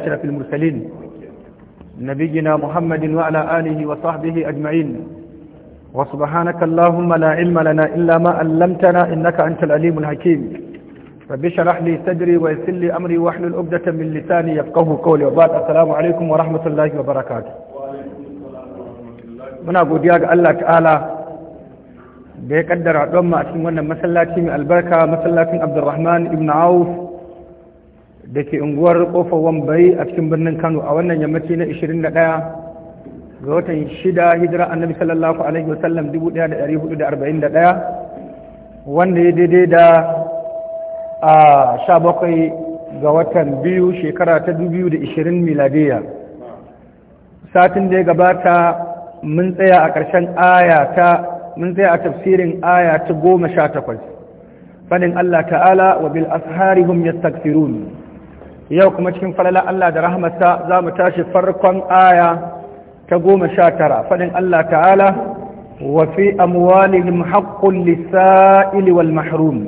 أشرف المرسلين نبينا محمد وعلى آله وصحبه أجمعين وسبحانك اللهم لا علم لنا إلا ما علمتنا إنك أنت العليم الحكيم رب اشرح لي صدري ويسر لي أمري واحلل عقدة من لساني يفقهوا قولي وبعد السلام عليكم ورحمة الله وبركاته muna godiya ga Allah ta'ala da ya kaddara don ma a cikin wannan masallaci mai albarka masallacin Abdulrahman ibn Auf da ke unguwar kofar wambai a cikin birnin kano a wannan yammaci na 21 ga watan 6 hijira annabi sallallahu alaihi wasallam 1441 wanda ya daidai da a 17 ga watan biyu shekara ta 2020 miladiya satin da ya gabata mun tsaya a ƙarshen aya ta mun tsaya a tafsirin aya ta goma sha takwas Allah ta'ala wa bil asharihum yastaghfirun yau kuma cikin falala Allah da rahmata za mu tashi farkon aya ta goma sha tara faɗin Allah ta'ala wafi fi amwalihim haqqun wal mahrum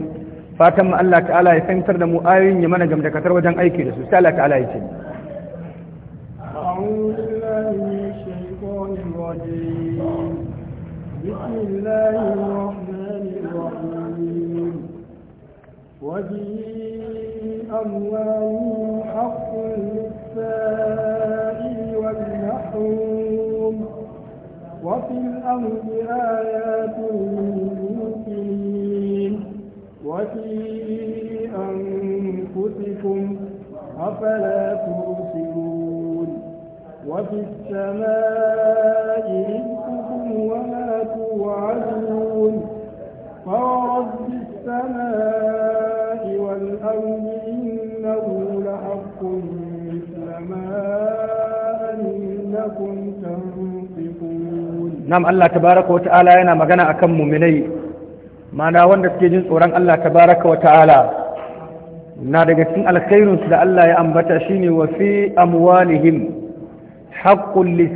fatan mu Allah ta'ala ya fahimtar da mu ayoyin ya mana gamdakatar wajen aiki da su sai Allah ta'ala ya ce أعوذ في الأرض آيات للمسلمين وفي أنفسكم أفلا تبصرون وفي السماء رزقكم nam Allah tabaraka wa ta'ala yana magana akan muminai mana wanda suke jin tsoron Allah tabaraka wa ta'ala na daga cikin su da Allah ya ambata shine wa fi amwalihim haqqul lis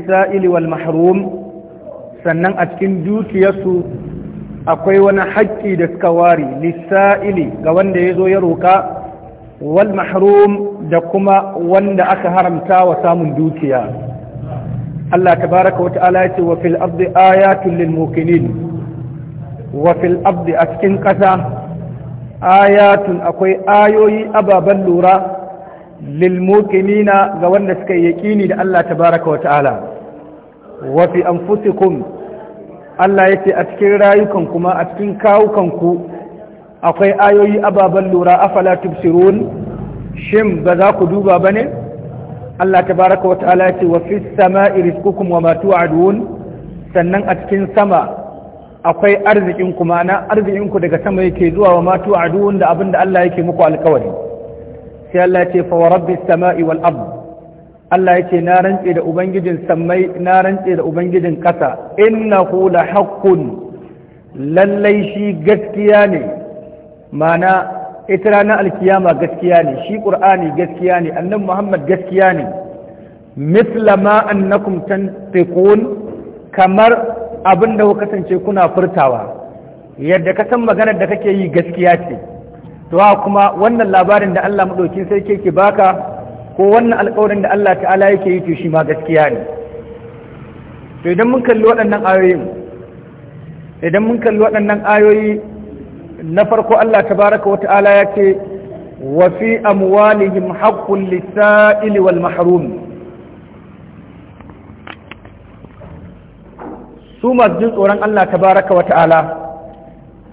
wal mahrum sannan a cikin dukiyarsu akwai wani haƙƙi da suka wari lis ili ga wanda ya zo ya roka wal mahrum da kuma wanda aka haramta wa samun dukiya Allah tabaraka wa ta'ala ya ce wa fil ardi ayatun lil muqinin wa fil ardi a cikin ƙasa ayatun akwai ayoyi ababen lura lil muqinina ga wanda suka yi yaƙini da Allah tabaraka wa ta'ala wa fi anfusikum Allah yace a cikin rayukan kuma a cikin kawukanku akwai ayoyi ababen lura afala tubsirun shin ba za ku duba bane Allah tabaraka wa ta'ala ce wa fi sama'i rizqukum wa ma tu'adun sannan a cikin sama akwai arzikin ku ma'ana arzikin ku daga sama yake zuwa wa ma tu'adun da abin da Allah yake muku alƙawari sai Allah ce fa wa rabbis sama'i wal ard Allah yake na rantse da ubangijin sammai na rantse da ubangijin ƙasa innahu la haqqun lallai shi gaskiya ne mana ita ranar alkiyama gaskiya ne shi qur'ani gaskiya ne annan muhammad gaskiya ne Mislama ma annakum tantiqun kamar abin da kuka kasance kuna furtawa yadda ka san maganar da kake yi gaskiya ce to kuma wannan labarin da Allah madaukin sai ke baka ko wannan alƙawarin da Allah ta'ala yake yi to shi ma gaskiya ne to idan mun kalli waɗannan ayoyin idan mun kalli waɗannan ayoyi na farko Allah tabaraka wa ta'ala ya ce wa fi amwalihim haqqul lisa'ili wal mahrum su masu jin tsoron Allah tabaraka wa ta'ala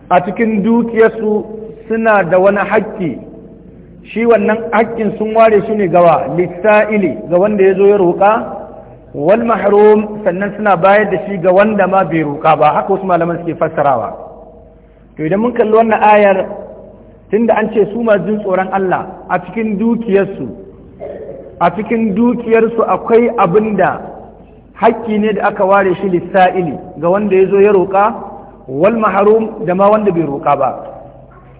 a cikin dukiyarsu suna da wani haƙƙi shi wannan haƙƙin sun ware shi ne gawa lisaili ga wanda ya zo ya roƙa wal mahrum sannan suna bayar da shi ga wanda ma bai roƙa ba haka wasu malaman suke fassarawa to idan mun kalli wannan ayar tunda an ce su masu jin tsoron Allah a cikin dukiyarsu a cikin dukiyarsu akwai abinda da haƙƙi ne da aka ware shi lissa'ili ga wanda ya zo ya roƙa wal maharum da ma wanda bai roƙa ba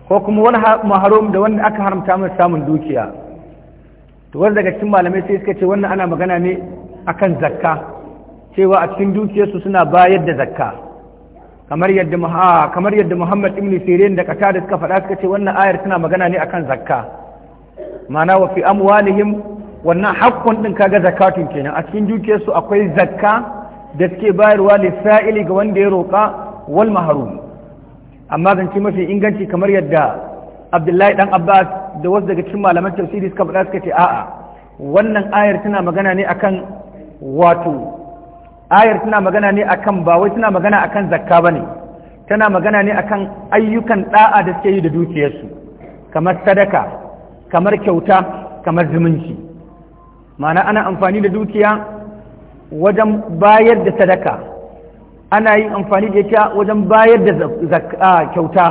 ko kuma wani maharum da wanda aka haramta masa samun dukiya to wanda daga cikin malamai sai suka ce wannan ana magana ne akan zakka cewa a cikin dukiyarsu suna bayar da zakka kamar yadda kamar yadda Muhammad ibn Sirin da Qatada suka faɗa suka ce wannan ayar tana magana ne akan zakka ma'ana wa fi amwalihim wannan hakkun din kaga zakatun kenan a cikin dukiyar su akwai zakka da suke bayarwa lisa'ili ga wanda ya roka wal mahrum amma zance mafi inganci kamar yadda Abdullahi dan Abbas da wasu daga cikin malaman tafsiri suka fada suka ce a'a wannan ayar tana magana ne akan wato ayar tana magana ne akan ba wai tana magana akan zakka bane tana magana ne akan ayyukan da'a da suke yi da dukiyarsu kamar sadaka kamar kyauta kamar zumunci ma'ana ana amfani da dukiya wajen bayar da sadaka ana yin amfani da ita wajen bayar da kyauta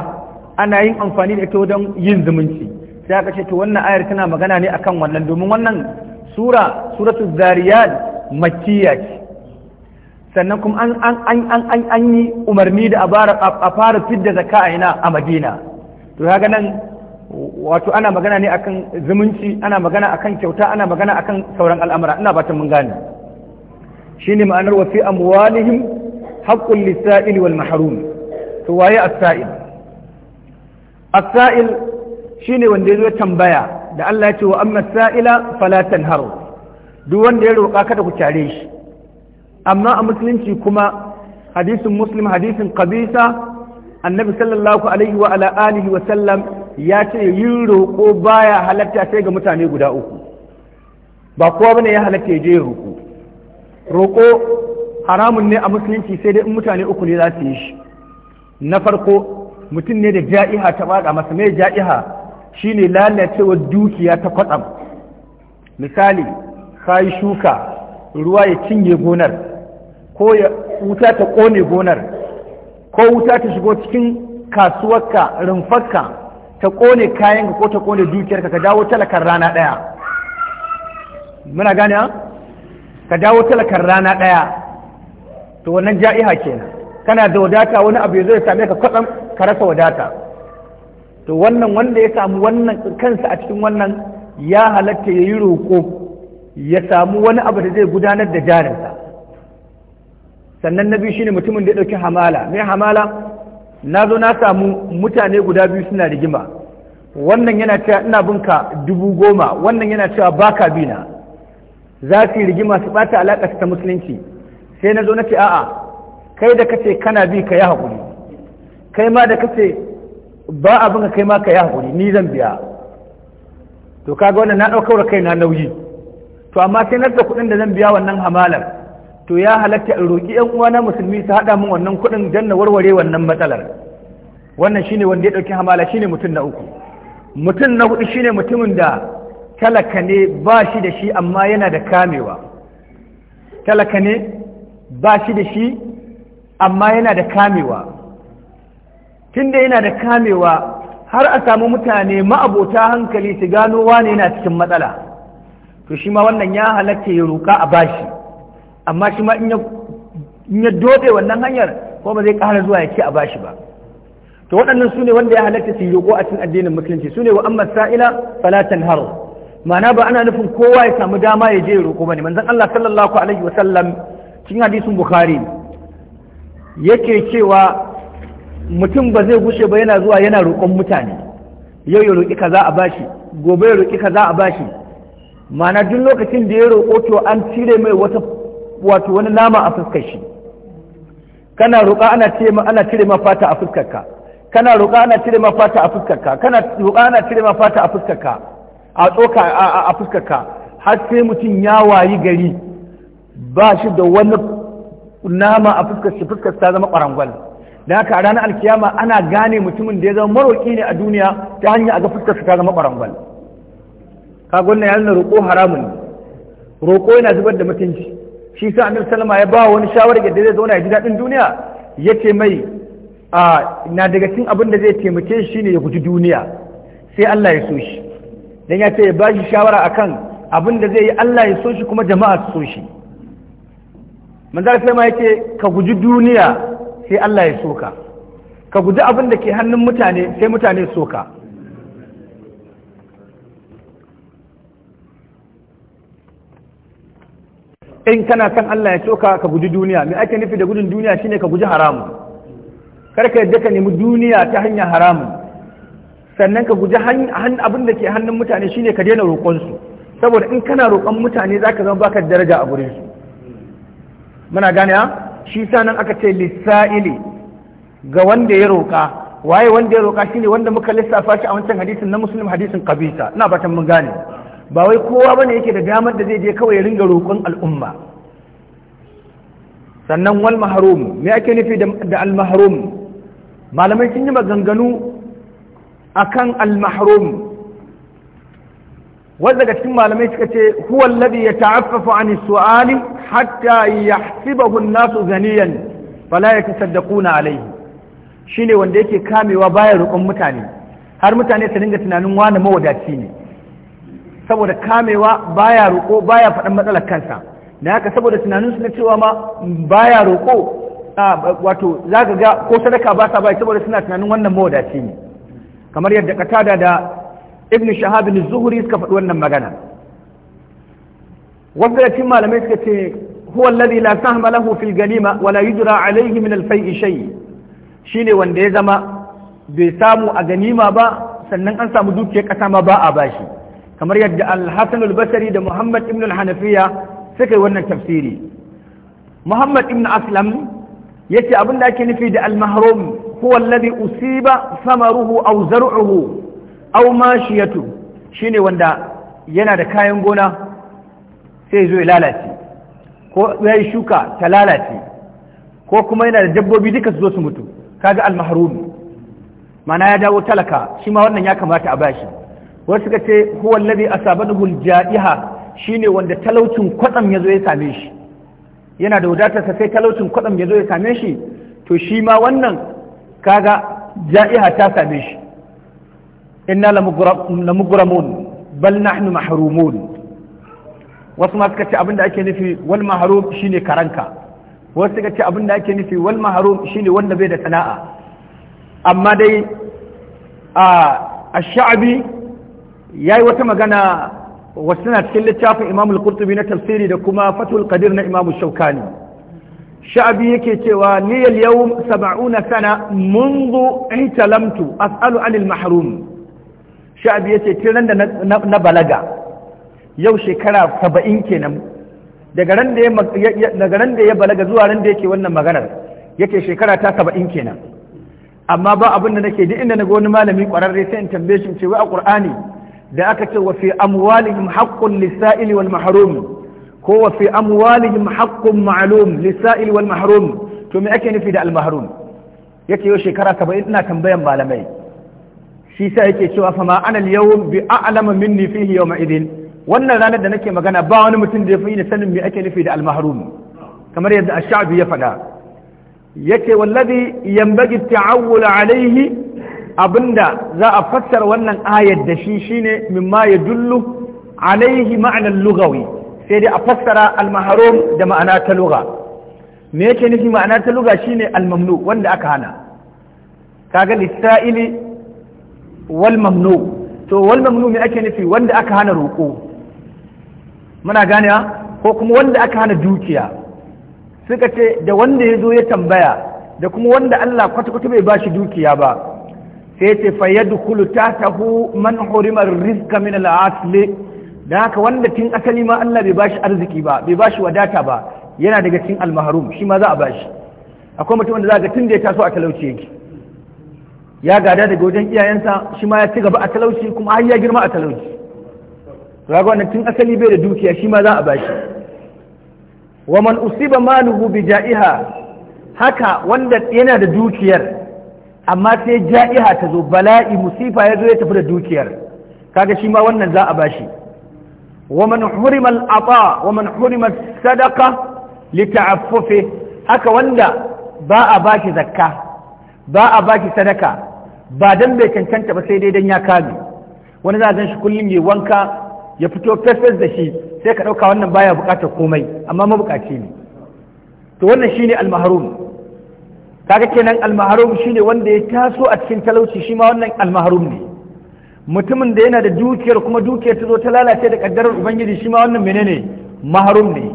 ana yin amfani da ita wajen yin zumunci sai aka ce to wannan ayar tana magana ne akan wannan domin wannan sura suratul zariyat makkiya sannan kuma an an an an an yi umarni da a fara fidda zakka a ina a Madina to kaga nan wato ana magana ne akan zumunci ana magana akan kyauta ana magana akan sauran al'amura ina fatan mun gane shine ma'anar wa fi amwalihim haqqul lisa'il wal mahrum to waye as-sa'il as-sa'il shine wanda ya tambaya da Allah ya ce wa amma as-sa'ila fala tanharu duk wanda ya roƙa kada ku tare shi amma a musulunci kuma hadisin muslim hadisin kabisa annabi sallallahu alaihi wa ala wa sallam ya ce yin roƙo baya halatta sai ga mutane guda uku ba kowa bane ya halatta ya je roƙo roƙo haramun ne a musulunci sai dai in mutane uku ne za su yi shi na farko mutum ne da ja'iha ta bada masa mai ja'iha shine lalacewar dukiya ta kwatsam misali kayi shuka ruwa ya cinye gonar ko wuta ta ƙone gonar ko wuta ta shigo cikin kasuwarka rumfarka ta ƙone kayanka ko ta ƙone dukiyarka ka dawo talakar rana ɗaya muna gane ka dawo talakar rana ɗaya to wannan ja'iha kenan kana da wadata wani abu ya zo ya same ka kwaɗan ka rasa wadata to wannan wanda ya samu wannan kansa a cikin wannan ya halatta ya yi roƙo ya samu wani abu da zai gudanar da jarinsa sannan na biyu shine mutumin da ya ɗauki hamala me hamala na zo na samu mutane guda biyu suna rigima wannan yana cewa ina binka dubu goma wannan yana cewa baka bina za su yi rigima su ɓata alaƙa ta musulunci sai na zo na ce a'a kai da kace kana bi ka yi haƙuri kai ma da kace ba abin ka kai ma ka yi haƙuri ni zan biya to kaga wannan na ɗaukar na nauyi to amma sai na da kuɗin da zan biya wannan hamalar to ya halatta in roƙi ƴan uwana musulmi su haɗa min wannan kuɗin dan na warware wannan matsalar wannan shine wanda ya ɗauki hamala shine mutum na uku mutum na hudu shine mutumin da talaka ne ba shi da shi amma yana da kamewa talaka ne ba shi da shi amma yana da kamewa tunda yana da kamewa har a samu mutane ma'abota hankali su gano wane yana cikin matsala to shi ma wannan ya halatta ya roƙa a bashi amma shi ma in ya dobe wannan hanyar ko ba zai kara zuwa ya ce a bashi ba to waɗannan su ne wanda ya halatta su yi roƙo a cikin addinin musulunci su ne wa amma sa'ila fala har ma'ana ba ana nufin kowa ya samu dama ya je roƙo ne manzon Allah sallallahu alaihi wasallam cikin hadisin bukhari yake cewa mutum ba zai gushe ba yana zuwa yana roƙon mutane yau ya roƙi kaza a bashi gobe ya roƙi kaza a bashi ma'ana duk lokacin da ya roƙo to an cire mai wata wato wani nama a fuskar shi kana roƙa ana cire ma ana cire ma fata a fuskarka kana roƙa ana cire ma fata a fuskarka kana roƙa ana cire ma fata a fuskarka a tsoka a fuskarka har sai mutum ya wayi gari ba shi da wani nama a fuskar shi fuskar ta zama ƙwarangwal da haka a ranar alkiyama ana gane mutumin da ya zama maroƙi ne a duniya ta hanyar aga fuskar ta zama ƙwarangwal kagon na yalina roƙo haramun roƙo yana zubar da mutunci shi sa annabi sallama ya ba wani shawarar yadda zai zauna ya ji daɗin duniya yace mai na daga cikin abin da zai taimake shi ne ya guji duniya sai Allah ya so shi dan ya ce ya ba shi shawara akan abin da zai yi Allah ya so shi kuma jama'a su so shi manzar sai ma yace ka guji duniya sai Allah ya so ka ka guji abin da ke hannun mutane sai mutane so ka in kana san Allah ya soka ka guji duniya me ake nufi da gudun duniya shine ka guji haramun kar ka yadda ka nemi duniya ta hanyar haramun sannan ka guji abin da ke hannun mutane shine ka daina roƙonsu saboda in kana roƙon mutane za ka zama baka daraja a gurin su muna gane shi sa nan aka ce lissa'ili ga wanda ya roƙa waye wanda ya roƙa shine wanda muka lissafa shi a wancan hadisin na muslim hadisin kabisa ina fatan mun gane ba wai kowa bane yake da damar da zai je kawai ya ringa roƙon al'umma sannan wal mahrum me ake nufi da al mahrum malamai sun yi maganganu akan al mahrum wanda daga cikin malamai suka ce huwa ya yata'affafu 'ani su'ali hatta yahsibahu an-nasu ganiyan, fala yatasaddaquna alayhi shine wanda yake kamewa bayan roƙon mutane har mutane su ringa tunanin wani mawadaci ne saboda kamewa baya roƙo baya faɗin matsalar kansa da haka saboda tunaninsu na cewa ma baya roƙo wato za ka ga ko sadaka ba sa bai saboda suna tunanin wannan mawadaci ne kamar yadda katada da ibn shahabin zuhuri suka faɗi wannan magana wasu da cin malamai suka ce huwa alladhi la sahma lahu fil ganima wala yujra alayhi min al fai'i shay shine wanda ya zama bai samu a ganima ba sannan an samu dukiyar kasa ma ba a bashi kamar yadda al-hasan al-basri da muhammad ibn al-hanafiya suka yi wannan tafsiri muhammad ibn aslam yace abin da ake nufi da al-mahrum huwa alladhi usiba samaruhu aw zar'uhu aw mashiyatu shine wanda yana da kayan gona sai zo ya lalace ko ya yi shuka ta lalace ko kuma yana da dabbobi duka su zo su mutu kaga al-mahrum mana ya dawo talaka shi ma wannan ya kamata a bashi wasu suka ce huwa alladhi asabatuhu al-ja'iha ne wanda talaucin kwatsam yazo ya same shi yana da wadatarsa sai talaucin kwatsam yazo ya same shi to shi ma wannan kaga ja'iha ta same shi inna lamugramun bal nahnu mahrumun wasu ma suka ce da ake nufi wal mahrum shine karanka wasu suka ce da ake nufi wal mahrum shine wanda bai da sana'a amma dai a ash-sha'bi ya yi wata magana wasu na cikin littafin Imam al na tafsiri da kuma fatul Qadir na Imam shaukani sha'abi yake cewa ni yal yawm 70 sana منذ ihtalamtu as'alu anil mahrum sha'abi yace tiran da na balaga yau shekara 70 kenan daga ran da ya da ya balaga zuwa ran da yake wannan maganar yake shekara ta 70 kenan amma ba abin da nake duk inda naga wani malami kwararre sai in tambaye shi ce wai a Qur'ani da aka ce wa fi amwalihim haqqun lisa'il wal mahrum ko wa fi amwalihim haqqun ma'lum lisa'il wal mahrum to me ake nufi da al mahrum yake yau shekara 70 ina tambayan malamai shi sa yake cewa fa ma ana al yawm bi a'lama minni fihi yawma idin wannan ranar da nake magana ba wani mutum da ya fi ni sanin me ake nufi da al mahrum kamar yadda ash-sha'bi ya faɗa yake wallazi yanbaghi at alayhi abinda za a fassara wannan ayar da shi shine mimma ya dullu alaihi ma'anar lugawi sai dai a fassara almaharom da ma'ana ta luga me yake nufi ma'ana ta luga shine almamnu wanda aka hana kaga lissa'ili wal mamnu to wal mamnu me ake nufi wanda aka hana roƙo muna ganewa ko kuma wanda aka hana dukiya suka ce da wanda ya zo ya tambaya da kuma wanda Allah kwata-kwata bai ba shi dukiya ba sai ce fa ta tahu man horimar rizqa min al da haka wanda tun asali ma Allah bai bashi arziki ba bai bashi wadata ba yana daga cikin al shi ma za a bashi akwai mutum wanda za ga tun da ya taso a talauci yake ya gada daga wajen iyayensa shi ma ya ci gaba a talauci kuma har ya girma a talauci kaga wannan tun asali bai da dukiya shi ma za a bashi wa man usiba maluhu bi ja'iha haka wanda yana da dukiyar amma sai ja'iha ta zo bala'i musifa ya zo ya tafi da dukiyar kaga shi ma wannan za a bashi wa man hurima al-ata wa man hurima sadaqa li ta'affufi haka wanda ba a baki zakka ba a baki sadaka ba dan bai cancanta ba sai dai dan ya kame wani za a gan shi kullum ya wanka ya fito fefes da shi sai ka ɗauka wannan baya bukatar komai amma mabuƙaci ne to wannan shine al-mahrum kaga kenan almaharum shine wanda ya taso a cikin talauci shi ma wannan almaharum ne mutumin da yana da dukiyar kuma dukiyar ta zo ta lalace da kaddarar ubangiji shi ma wannan menene maharum ne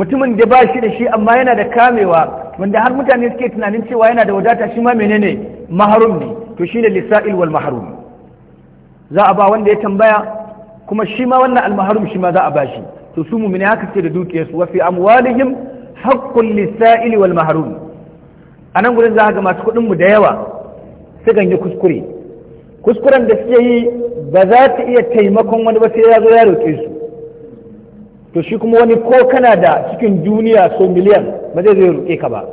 mutumin da ba shi da shi amma yana da kamewa wanda har mutane suke tunanin cewa yana da wadata shi ma menene maharum ne to shine lisa'il wal maharum za a ba wanda ya tambaya kuma shi ma wannan almaharum shi ma za a ba shi to su mu'mini haka ce da su wa fi amwalihim haqqul lisa'il wal maharum a nan gudun za ga masu kuɗinmu da yawa sukan ganye kuskure kuskuren da suke yi ba za ta iya taimakon wani ba sai ya zo ya roƙe su to shi kuma wani ko kana da cikin duniya so miliyan ba zai zo ya roƙe ka ba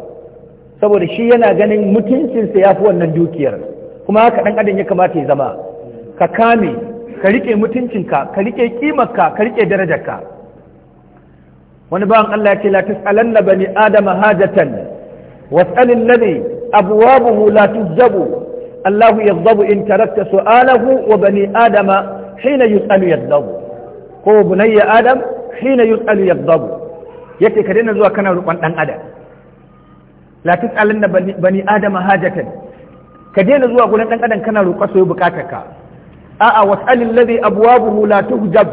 saboda shi yana ganin mutuncinsa ya fi wannan dukiyar kuma haka ɗan adam ya kamata ya zama ka kame ka riƙe mutuncinka ka riƙe ƙimarka ka riƙe darajarka wani bawan Allah ya ce la tas'alanna bani adama hajatan واسأل الذي أبوابه لا تجب الله يغضب إن تركت سؤاله وبني آدم حين يسأل يغضب هو بني آدم حين يسأل يغضب yake ka daina zuwa kana roƙon ɗan adam la tus'alin bani adama hajatan ka daina zuwa gurin ɗan adam kana roƙa soyi buƙatarka a'a was'alil ladhi abwabuhu la tuhjab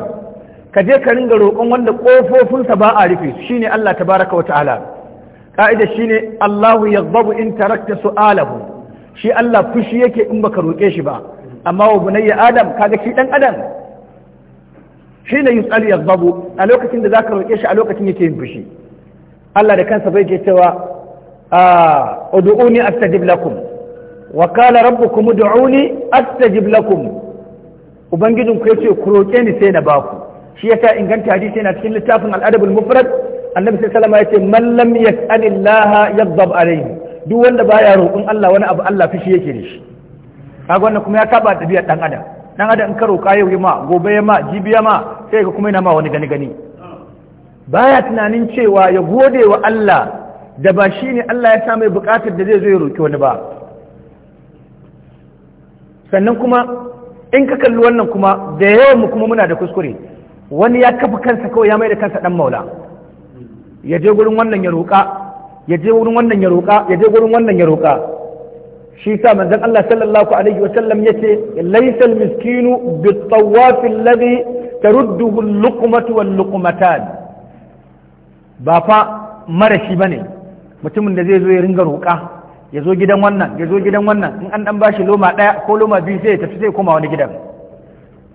ka je ka ringa roƙon wanda ƙofofinsa ba a rufe ne Allah tabaraka wa ta'ala ka'ida ne Allahu yaghdabu in tarakta su'alahu shi Allah fushi yake in baka roƙe shi ba amma wa bunayya adam kaga shi dan adam shine yus'alu yaghdabu a lokacin da zaka roƙe shi a lokacin yake yin fushi Allah da kansa bai ke cewa ud'uni astajib lakum wa qala rabbukum ud'uni astajib lakum ubangijin ku yace ku roƙe ni sai na baku shi yasa inganta hadisi yana cikin littafin al-adab al-mufrad annabi sai salama ya ce mallam ya alillaha yaghdab alayhi duk wanda baya roƙon Allah wani abu Allah fishi yake da shi kaga wannan kuma ya kaba tabiya dan adam dan adam in ka roƙa yau ma gobe ma jibiya ma sai ka kuma yana ma wani gani gani baya tunanin cewa ya gode wa Allah da ba shi ne Allah ya sa mai buƙatar da zai zo ya roƙi wani ba sannan kuma in ka kalli wannan kuma da yawan mu kuma muna da kuskure wani ya kafa kansa kawai ya mai da kansa dan maula ya je gurin wannan ya roƙa yaje je gurin wannan ya roƙa ya je gurin wannan ya roƙa shi sa manzon Allah sallallahu alaihi wa sallam yace laysa al-miskinu bit-tawaf alladhi tarudduhu al-luqmatu wal-luqmatan ba fa marashi bane mutumin da zai zo ya ringa roƙa ya zo gidan wannan ya zo gidan wannan in an dan bashi loma daya ko loma biyu sai ya tafi sai ya koma wani gidan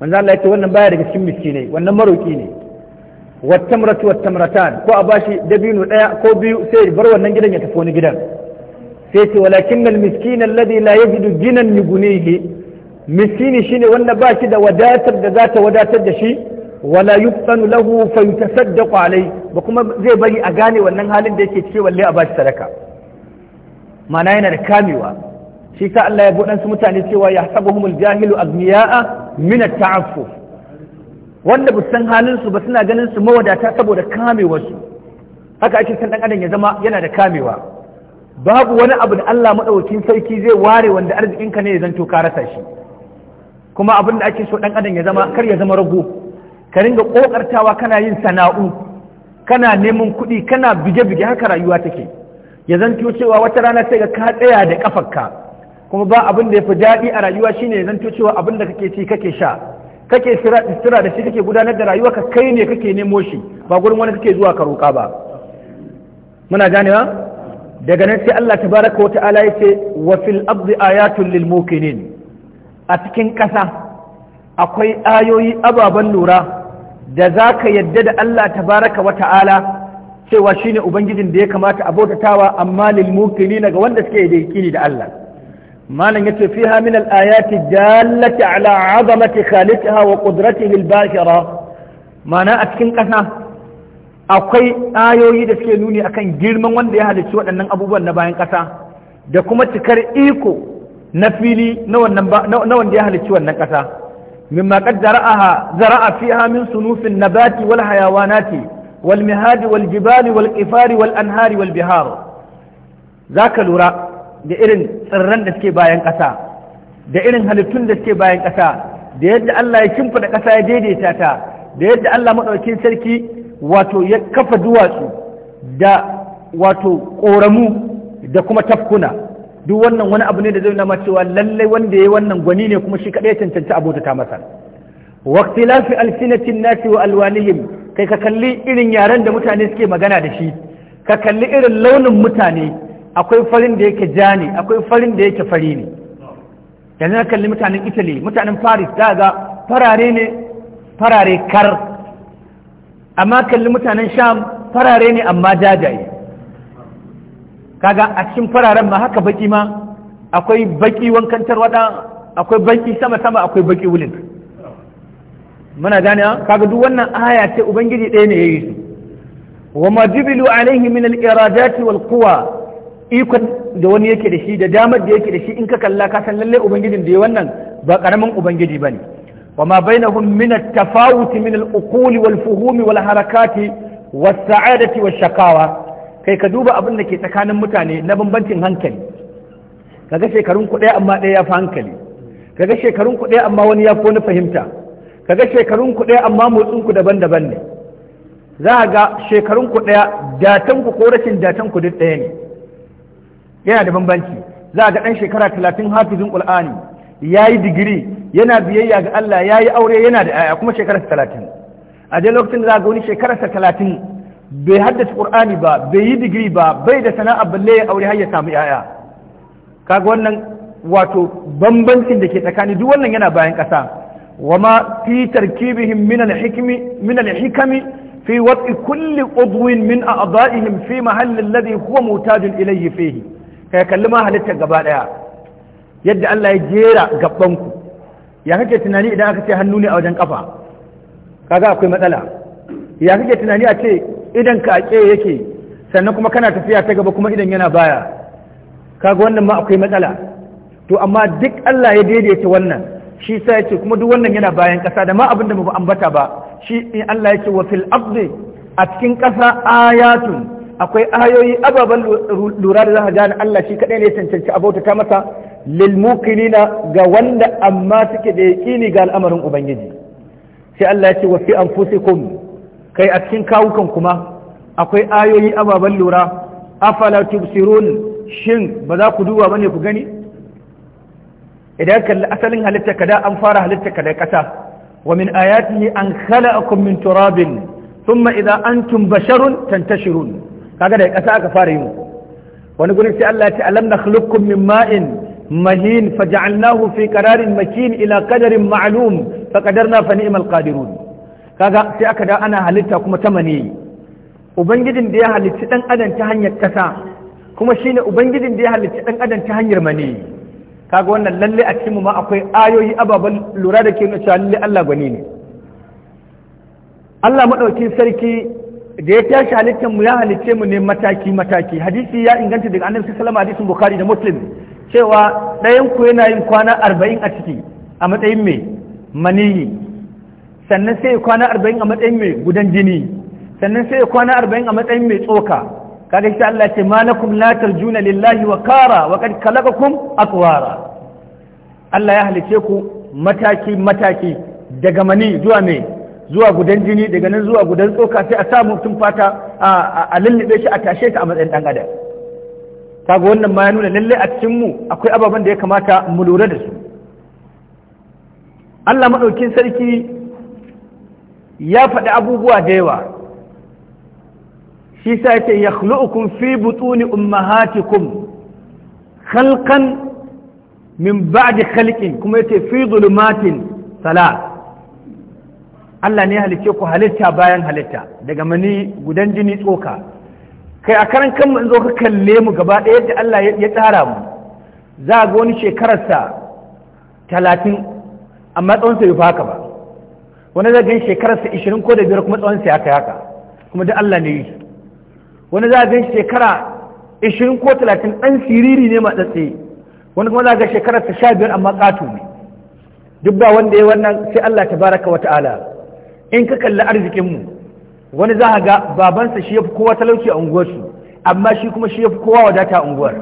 manzon Allah yace wannan baya daga cikin miskinai wannan maroƙi ne wattamratu wattamratan ko a bashi dabino daya ko biyu sai bar wannan gidan ya tafi wani gidan sai ce walakin al miskin alladhi la yajidu ginan yughnihi miskini shine wanda ba shi da wadatar da za ta wadatar da shi wala yuftanu lahu fa yutasaddaqu alai ba kuma zai bari a gane wannan halin da yake cike walle a bashi sadaka mana yana da kamewa shi ka Allah ya dan su mutane cewa yahsabuhumul jahilu agniya'a min at-ta'affuf wanda ba san halin su ba suna ganin su mawadata saboda kamewarsu haka ake san dan adam ya zama yana da kamewa babu wani abu da Allah madaukakin sarki zai ware wanda arzikin ka ne ya zanto ka rasa shi kuma abin da ake so dan adam ya zama kar ya zama rago ka ringa kokartawa kana yin sana'u kana neman kuɗi kana bige-bige haka rayuwa take ya zanto cewa wata rana sai ka tsaya da kafarka kuma ba abin da ya fi daɗi a rayuwa shine ya zanto cewa abin da kake ci kake sha kake sira da shi kake gudanar da rayuwa ka kai ne kake nemo shi ba gurin wani kake zuwa ka roƙa ba muna ganewa daga nan sai Allah tabaraka wa ta'ala yace wa fil ardi ayatun lil muqinin a cikin kasa akwai ayoyi ababan lura da zaka yadda da Allah tabaraka wa ta'ala cewa shine ubangijin da ya kamata a bautatawa amma lil muqinin ga wanda suke da yaqini da Allah malam yace fiha min al-ayati dallati ala azamati khaliqiha wa qudratihi al-bashira ma'ana a cikin ƙasa akwai ayoyi da suke nuni akan girman wanda ya halicci waɗannan abubuwan na bayan ƙasa da kuma cikar iko na fili na wanda ya halicci wannan ƙasa mimma qad zara'aha zara'a fiha min sunufin nabati wal hayawanati wal mihadi wal jibali wal qifari wal anhari wal bihar zaka lura da irin tsirran da suke bayan ƙasa da irin halittun da suke bayan ƙasa da yadda Allah ya da ƙasa ya daidaita ta da yadda Allah maɗaukin sarki wato ya kafa duwatsu da wato ƙoramu da kuma tafkuna duk wannan wani abu ne da zai nama cewa lallai wanda ya wannan gwani ne kuma shi kaɗai ya cancanci abota ta masa waqtilafi alfinatin nasi wa alwanihim kai ka kalli irin yaren da mutane suke magana da shi ka kalli irin launin mutane akwai farin da yake ja ne akwai farin da yake fari ne yanzu na kalli mutanen italy mutanen paris da ga farare ne farare kar amma kalli mutanen sham farare ne amma jajaye kaga a cikin fararen ma haka baki ma akwai baki wankantar wada akwai baki sama sama akwai baki wulin muna gane kaga duk wannan aya ce ubangiji ɗaya ne yi su wa majibilu alaihi min al-iradati wal quwa ikon da wani yake da shi da damar da yake da shi in ka kalla ka san lalle ubangijin da ya wannan ba karamin ubangiji ba ne wa ma bainahum min at-tafawut min al-uqul wal fuhum wal harakat was saadat wash shakawa kai ka duba abin da ke tsakanin mutane na bambancin hankali kaga shekarun ku ɗaya amma ɗaya ya fi hankali kaga shekarun ku ɗaya amma wani ya fi wani fahimta kaga shekarun ku ɗaya amma motsin ku daban-daban ne za ga shekarun ku ɗaya datan ku ko rashin datan ku duk ɗaya ne yana da bambanci za ga ɗan shekara talatin hafizin ƙul'ani ya yi digiri yana biyayya ga Allah ya yi aure yana da yaya kuma shekara talatin a dai lokacin da za ga wani shekararsa talatin bai haddasa ƙur'ani ba bai yi digiri ba bai da sana'a balle ya aure har ya samu yaya kaga wannan wato bambancin da ke tsakani duk wannan yana bayan ƙasa wama fi tarkibihim min al-hikmi min al-hikami fi wad'i kulli udwin min a'dha'ihim fi mahalli alladhi huwa mutajun ilayhi fihi kai kalli ma halittar gaba daya yadda Allah ya jera gaban ku ya kake tunani idan aka ce hannu ne a wajen kafa kaga akwai matsala ya kake tunani a ce idan ka ake yake sannan kuma kana tafiya ta gaba kuma idan yana baya kaga wannan ma akwai matsala to amma duk Allah ya daidaita wannan shi sa ya kuma duk wannan yana bayan kasa da ma abin da ba ambata ba shi in Allah ya ce wa fil a cikin kasa ayatun akwai ayoyi ababen lura da za ka gane Allah shi kaɗai ne cancanci abota ta masa lilmukinina ga wanda amma suke da yaƙini ga al'amarin ubangiji sai Allah ya ce wa fi anfusikum kai a cikin kawukan kuma akwai ayoyi ababen lura afala tubsirun shin ba za ku duba bane ku gani idan kalli asalin halitta kada an fara halitta kada kasa wa min ayatihi an khalaqakum min turabin thumma idha antum basharun tantashirun kaga daga ƙasa aka fara yi mu wani gurin sai Allah ya ce alam nakhluqukum min ma'in mahin faj'alnahu fi qararin makin ila qadarin ma'lum faqadarna fa ni'mal qadirun kaga sai aka da ana halitta kuma ta mani ubangijin da ya halitta dan adam ta hanyar ƙasa kuma shine ubangijin da ya halitta dan adam ta hanyar mani kaga wannan lalle a cikin mu ma akwai ayoyi ababan lura da ke nuna cewa lalle Allah gwani ne Allah madaukin sarki da ya tashi halittar mu ya halicce mu ne mataki mataki hadisi ya inganta daga annabi sallallahu alaihi hadisin bukhari da muslim cewa ɗayan ku yana yin kwana arba'in a ciki a matsayin mai maniyi sannan sai ya kwana arba'in a matsayin mai gudan jini sannan sai ya kwana arba'in a matsayin mai tsoka kaga shi Allah ce malakum la tarjuna lillahi wa kara wa kad khalaqakum aqwara Allah ya halice ku mataki mataki daga mani zuwa mai zuwa gudan jini daga nan zuwa gudan tsoka sai a sa mutum fata a lullube shi a tashe ta a matsayin dan adam kaga wannan ma ya nuna lalle a cikin mu akwai ababen da ya kamata mu lura da su Allah madaukin sarki ya faɗi abubuwa da yawa shi sa yake yakhluqukum fi butuni ummahatikum khalqan min ba'di khalqin kuma yace fi zulumatin salat Allah ne halice ku halitta bayan halitta daga mani gudan jini tsoka kai a karan kanmu in zo ka kalle mu gaba ɗaya yadda Allah ya tsara mu za a ga wani shekararsa talatin amma tsawonsa bai haka ba wani za shekarar shekararsa ishirin ko da biyar kuma tsawonsa ya kai haka kuma da Allah ne yi wani za a ga shekara ishirin ko talatin ɗan siriri ne matsatse wani kuma za a ga shekararsa sha biyar amma ƙato ne duk ba wanda ya wannan sai Allah ta baraka wa ta'ala in ka kalli arzikinmu wani za a ga babansa shi ya fi kowa talauci a unguwarsu amma shi kuma shi ya fi kowa wadata a unguwar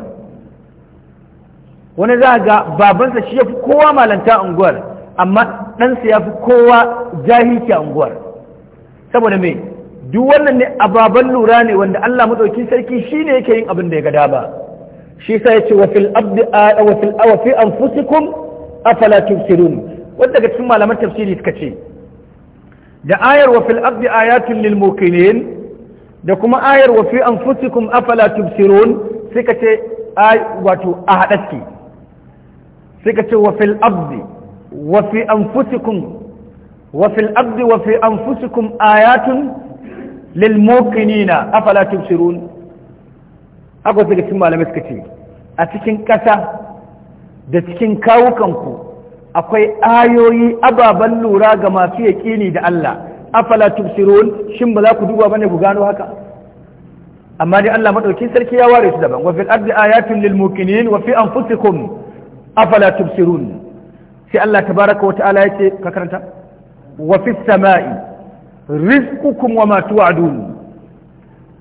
wani za a ga babansa shi ya fi kowa malanta a unguwar amma ɗansa ya fi kowa jahilci a unguwar saboda me duk wannan ne a baban lura ne wanda Allah madaukin sarki shi ne yake yin abin da ya ga daba shi sa yace wa fil abdi wa fil anfusikum afala tubsirun wanda daga cikin malaman tafsiri suka ce da ayar wa fil abdi ayatul lil muqinin da kuma ayar wa fi anfusikum afala tubsirun sai ka ce wato a haɗaske sai ka ce wa fil abdi wa fi anfusikum wa fil abdi wa fi anfusikum ayatun lil muqinina afala tubsirun akwai daga cikin malamai suka ce a cikin kasa da cikin kawukanku akwai ayoyi ababen lura ga masu yaƙini da Allah afala tubsirun shin ba za ku duba bane ku gano haka amma dai Allah madaukin sarki ya ware su daban wa fil ardi ayatun lil mukminin wa fi anfusikum afala tubsirun sai Allah tabaaraka wa ta'ala yake ka karanta wa fis samai rizqukum wa ma tu'adun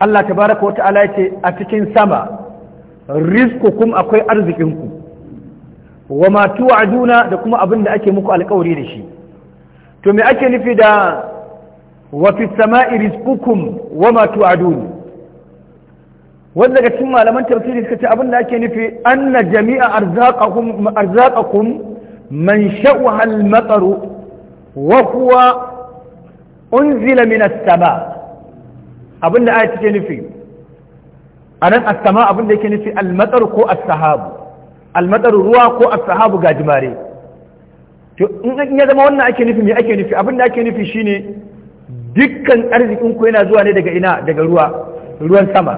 Allah tabaaraka wa ta'ala yake a cikin sama rizqukum akwai arzikinku wa ma tu'aduna da kuma abin da ake muku alƙawari da shi to me ake nufi da wafi fi sama'i rizqukum wa ma tu'adun wanda daga cikin malaman tafsiri suka ce abin da ake nufi anna jami'a arzakakun man sha'u hal matsaro. wa huwa unzila min as abin da ayat nufi A as-sama abin da yake nufi al-matar ko as-sahabu almadar ruwa ko a sahabu gajimare to in ya zama wannan ake nufi me ake nufi abin da ake nufi shine dukkan arzikin ku yana zuwa ne daga ina daga ruwa ruwan sama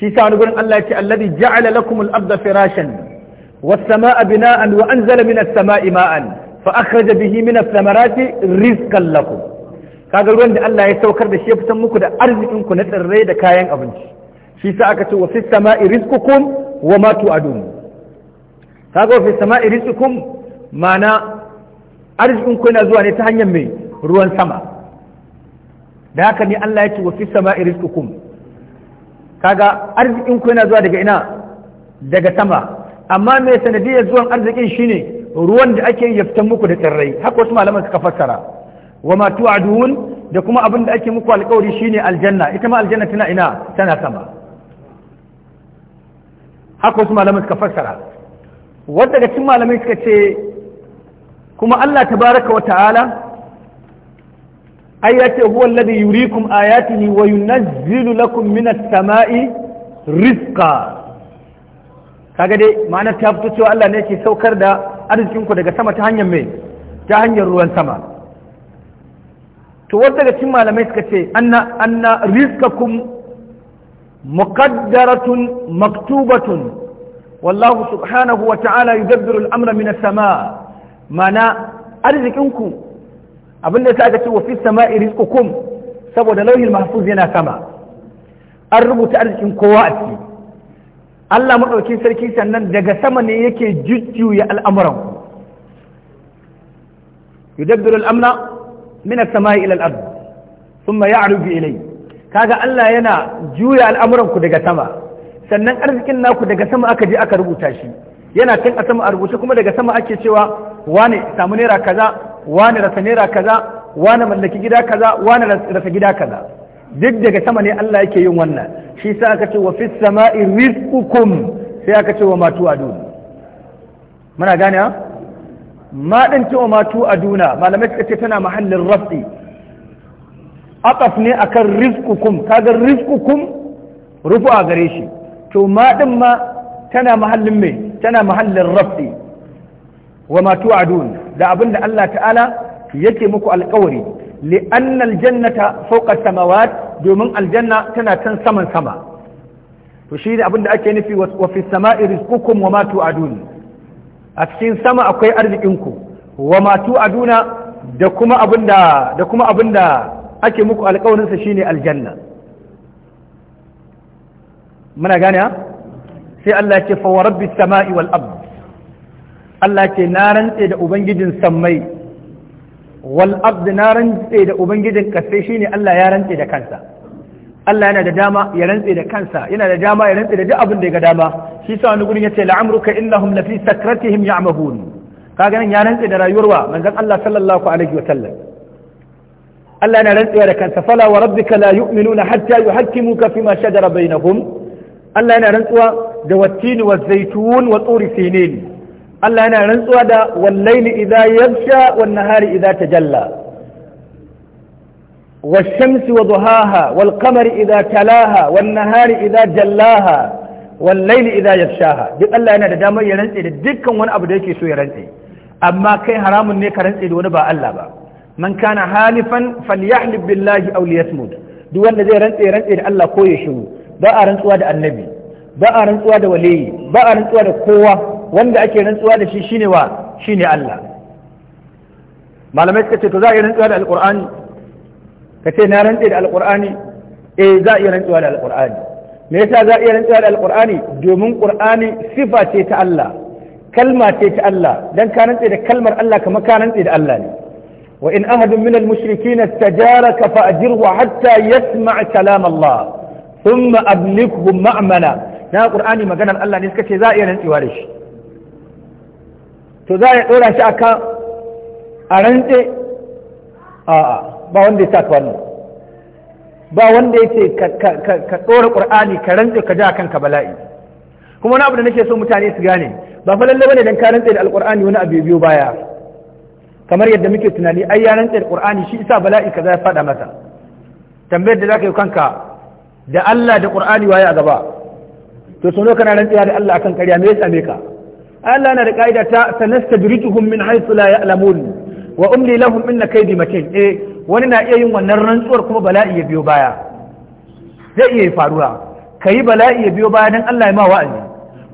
shi sa wani gurin Allah ya ce alladhi ja'ala lakum al-ardha firashan was-samaa'a bina'an wa anzala min as-samaa'i ma'an fa akhraja bihi min ath-thamarati rizqan lakum kaga ruwan da Allah ya saukar da shi ya fitan muku da arzikin ku na tsirrai da kayan abinci shi sa aka ce wa fis-samaa'i rizqukum wa ma adun kaga fi sama'i rizqukum mana arzikin ku yana zuwa ne ta hanyar mai ruwan sama da haka ne Allah ya ce wa fi sama'i rizqukum kaga arzikin ku yana zuwa daga ina daga sama amma mai sanadiyar zuwan arzikin shine ruwan da ake yaftan muku da tsirrai haka wasu malaman suka fassara wa ma adun da kuma abin da ake muku alƙawari shine aljanna ita ma aljanna tana ina tana sama haka wasu malamai suka fassara wanda daga cikin malamai suka ce kuma Allah baraka wa ta'ala ai ya ce huwa alladhi yurikum ayatihi wa yunazzilu lakum minas sama'i rizqa kaga dai ma'anar ta fito cewa Allah ne ke saukar da arzikinku daga sama ta hanyar mai ta hanyar ruwan sama to wanda daga cikin malamai suka ce anna anna rizqakum مقدرة مكتوبة والله سبحانه وتعالى يدبر الأمر من السماء معنى أرزقكم أبن سعادة وفي السماء رزقكم سوى دلوه المحفوظ لنا سماء أربو تأرزق قواتي الله مرة وكي سركي سنن دقى سمن يكي جدجو يا الأمر يدبر الأمر من السماء إلى الأرض ثم يعرج إليه kaga Allah yana juya al'amuranku daga sama sannan arzikin naku daga sama aka je aka rubuta shi yana can a sama a rubuce kuma daga sama ake cewa wane samu naira kaza wane rasa naira kaza wane mallaki gida kaza wane rasa gida kaza duk daga sama ne Allah yake yin wannan shi sa aka ce wa fis sama'i rizqukum sai aka ce wa matu aduna. muna gane ha ma din ce wa matu aduna malamai suka ce tana mahallin rafi aqaf ne akan rizqukum kaga rizqukum rufu a gare shi to ma din ma tana mahallin me tana mahallin rafi wa ma tu'adun da abinda Allah ta'ala yake muku alƙawari li'anna aljannata fawqa samawat domin aljanna tana can saman sama to shi ne abinda ake nufi wa fi sama'i rizqukum wa ma tu'adun a cikin sama akwai arzikinku wa ma tu'aduna da kuma abin da da kuma abin da. ake muku alkawarinsa shine aljanna muna gane sai Allah ce fa rabbi sama'i wal ard Allah ce na rantse da ubangijin sammai wal ard na rantse da ubangijin kasai shine Allah ya rantse da kansa Allah yana da dama ya rantse da kansa yana da dama ya rantse da duk abin da ya ga dama shi sa wani gurin yace la'amruka innahum lafi sakratihim ya'mahun kaga nan ya rantse da rayuwar wa manzon Allah sallallahu alaihi wa sallam Allah na rantsuwa da kansa fala wa rabbika la yu'minuna hatta yuhakkimuka fima shajara bainahum Allah yana rantsuwa da wattini wa zaitun wa tsuri sinin Allah yana rantsuwa da wallaili idza yaghsha wan nahari idza tajalla والشمس وضحاها والقمر إذا تلاها والنهار إذا جلاها والليل إذا يغشاها duk Allah yana da damar ya rantse da dukkan wani abu da yake so ya rantse amma kai haramun ne ka rantse da wani ba Allah ba man kana halifan falyahlib billahi aw liyasmud duk wanda zai rantse rantse da Allah ko ya shiru ba a rantsuwa da annabi ba a rantsuwa da waliyi ba a rantsuwa da kowa wanda ake rantsuwa da shi shine wa shine Allah malamai suka ce to za a yi rantsuwa da alqur'ani ka ce na rantse da alqur'ani eh za a iya rantsuwa da alqur'ani me yasa za a iya rantsuwa da alqur'ani domin qur'ani sifa ce ta Allah kalma ce ta Allah dan ka rantse da kalmar Allah kamar ka rantse da Allah ne وإن أحد من المشركين استجارك فأجره حتى يسمع كلام الله ثم أبلغه مأمنا na ƙur'ani maganar Allah ne suka ce za a iya rantsewa da to za a ɗora shi aka a rantse a ba wanda ya saka wannan ba wanda ya ce ka ɗora ƙur'ani ka rantse ka ji a kanka bala'i kuma wani abu da nake so mutane su gane ba fa lalle bane ka rantse da alƙur'ani wani abu biyu baya kamar yadda muke tunani ai ya rantsa qur'ani shi isa bala'i kaza ya fada masa tambayar da zaka yi kanka da Allah da qur'ani waye a gaba to sono kana rantsa da Allah akan ƙarya me ya same ka Allah na da kaida ta sanastadrijuhum min haythu la ya'lamun wa umli lahum inna kaydi matin eh wani na iya yin wannan rantsuwar kuma bala'i ya biyo baya zai iya faruwa kayi bala'i ya biyo baya dan Allah ya ma wa'azi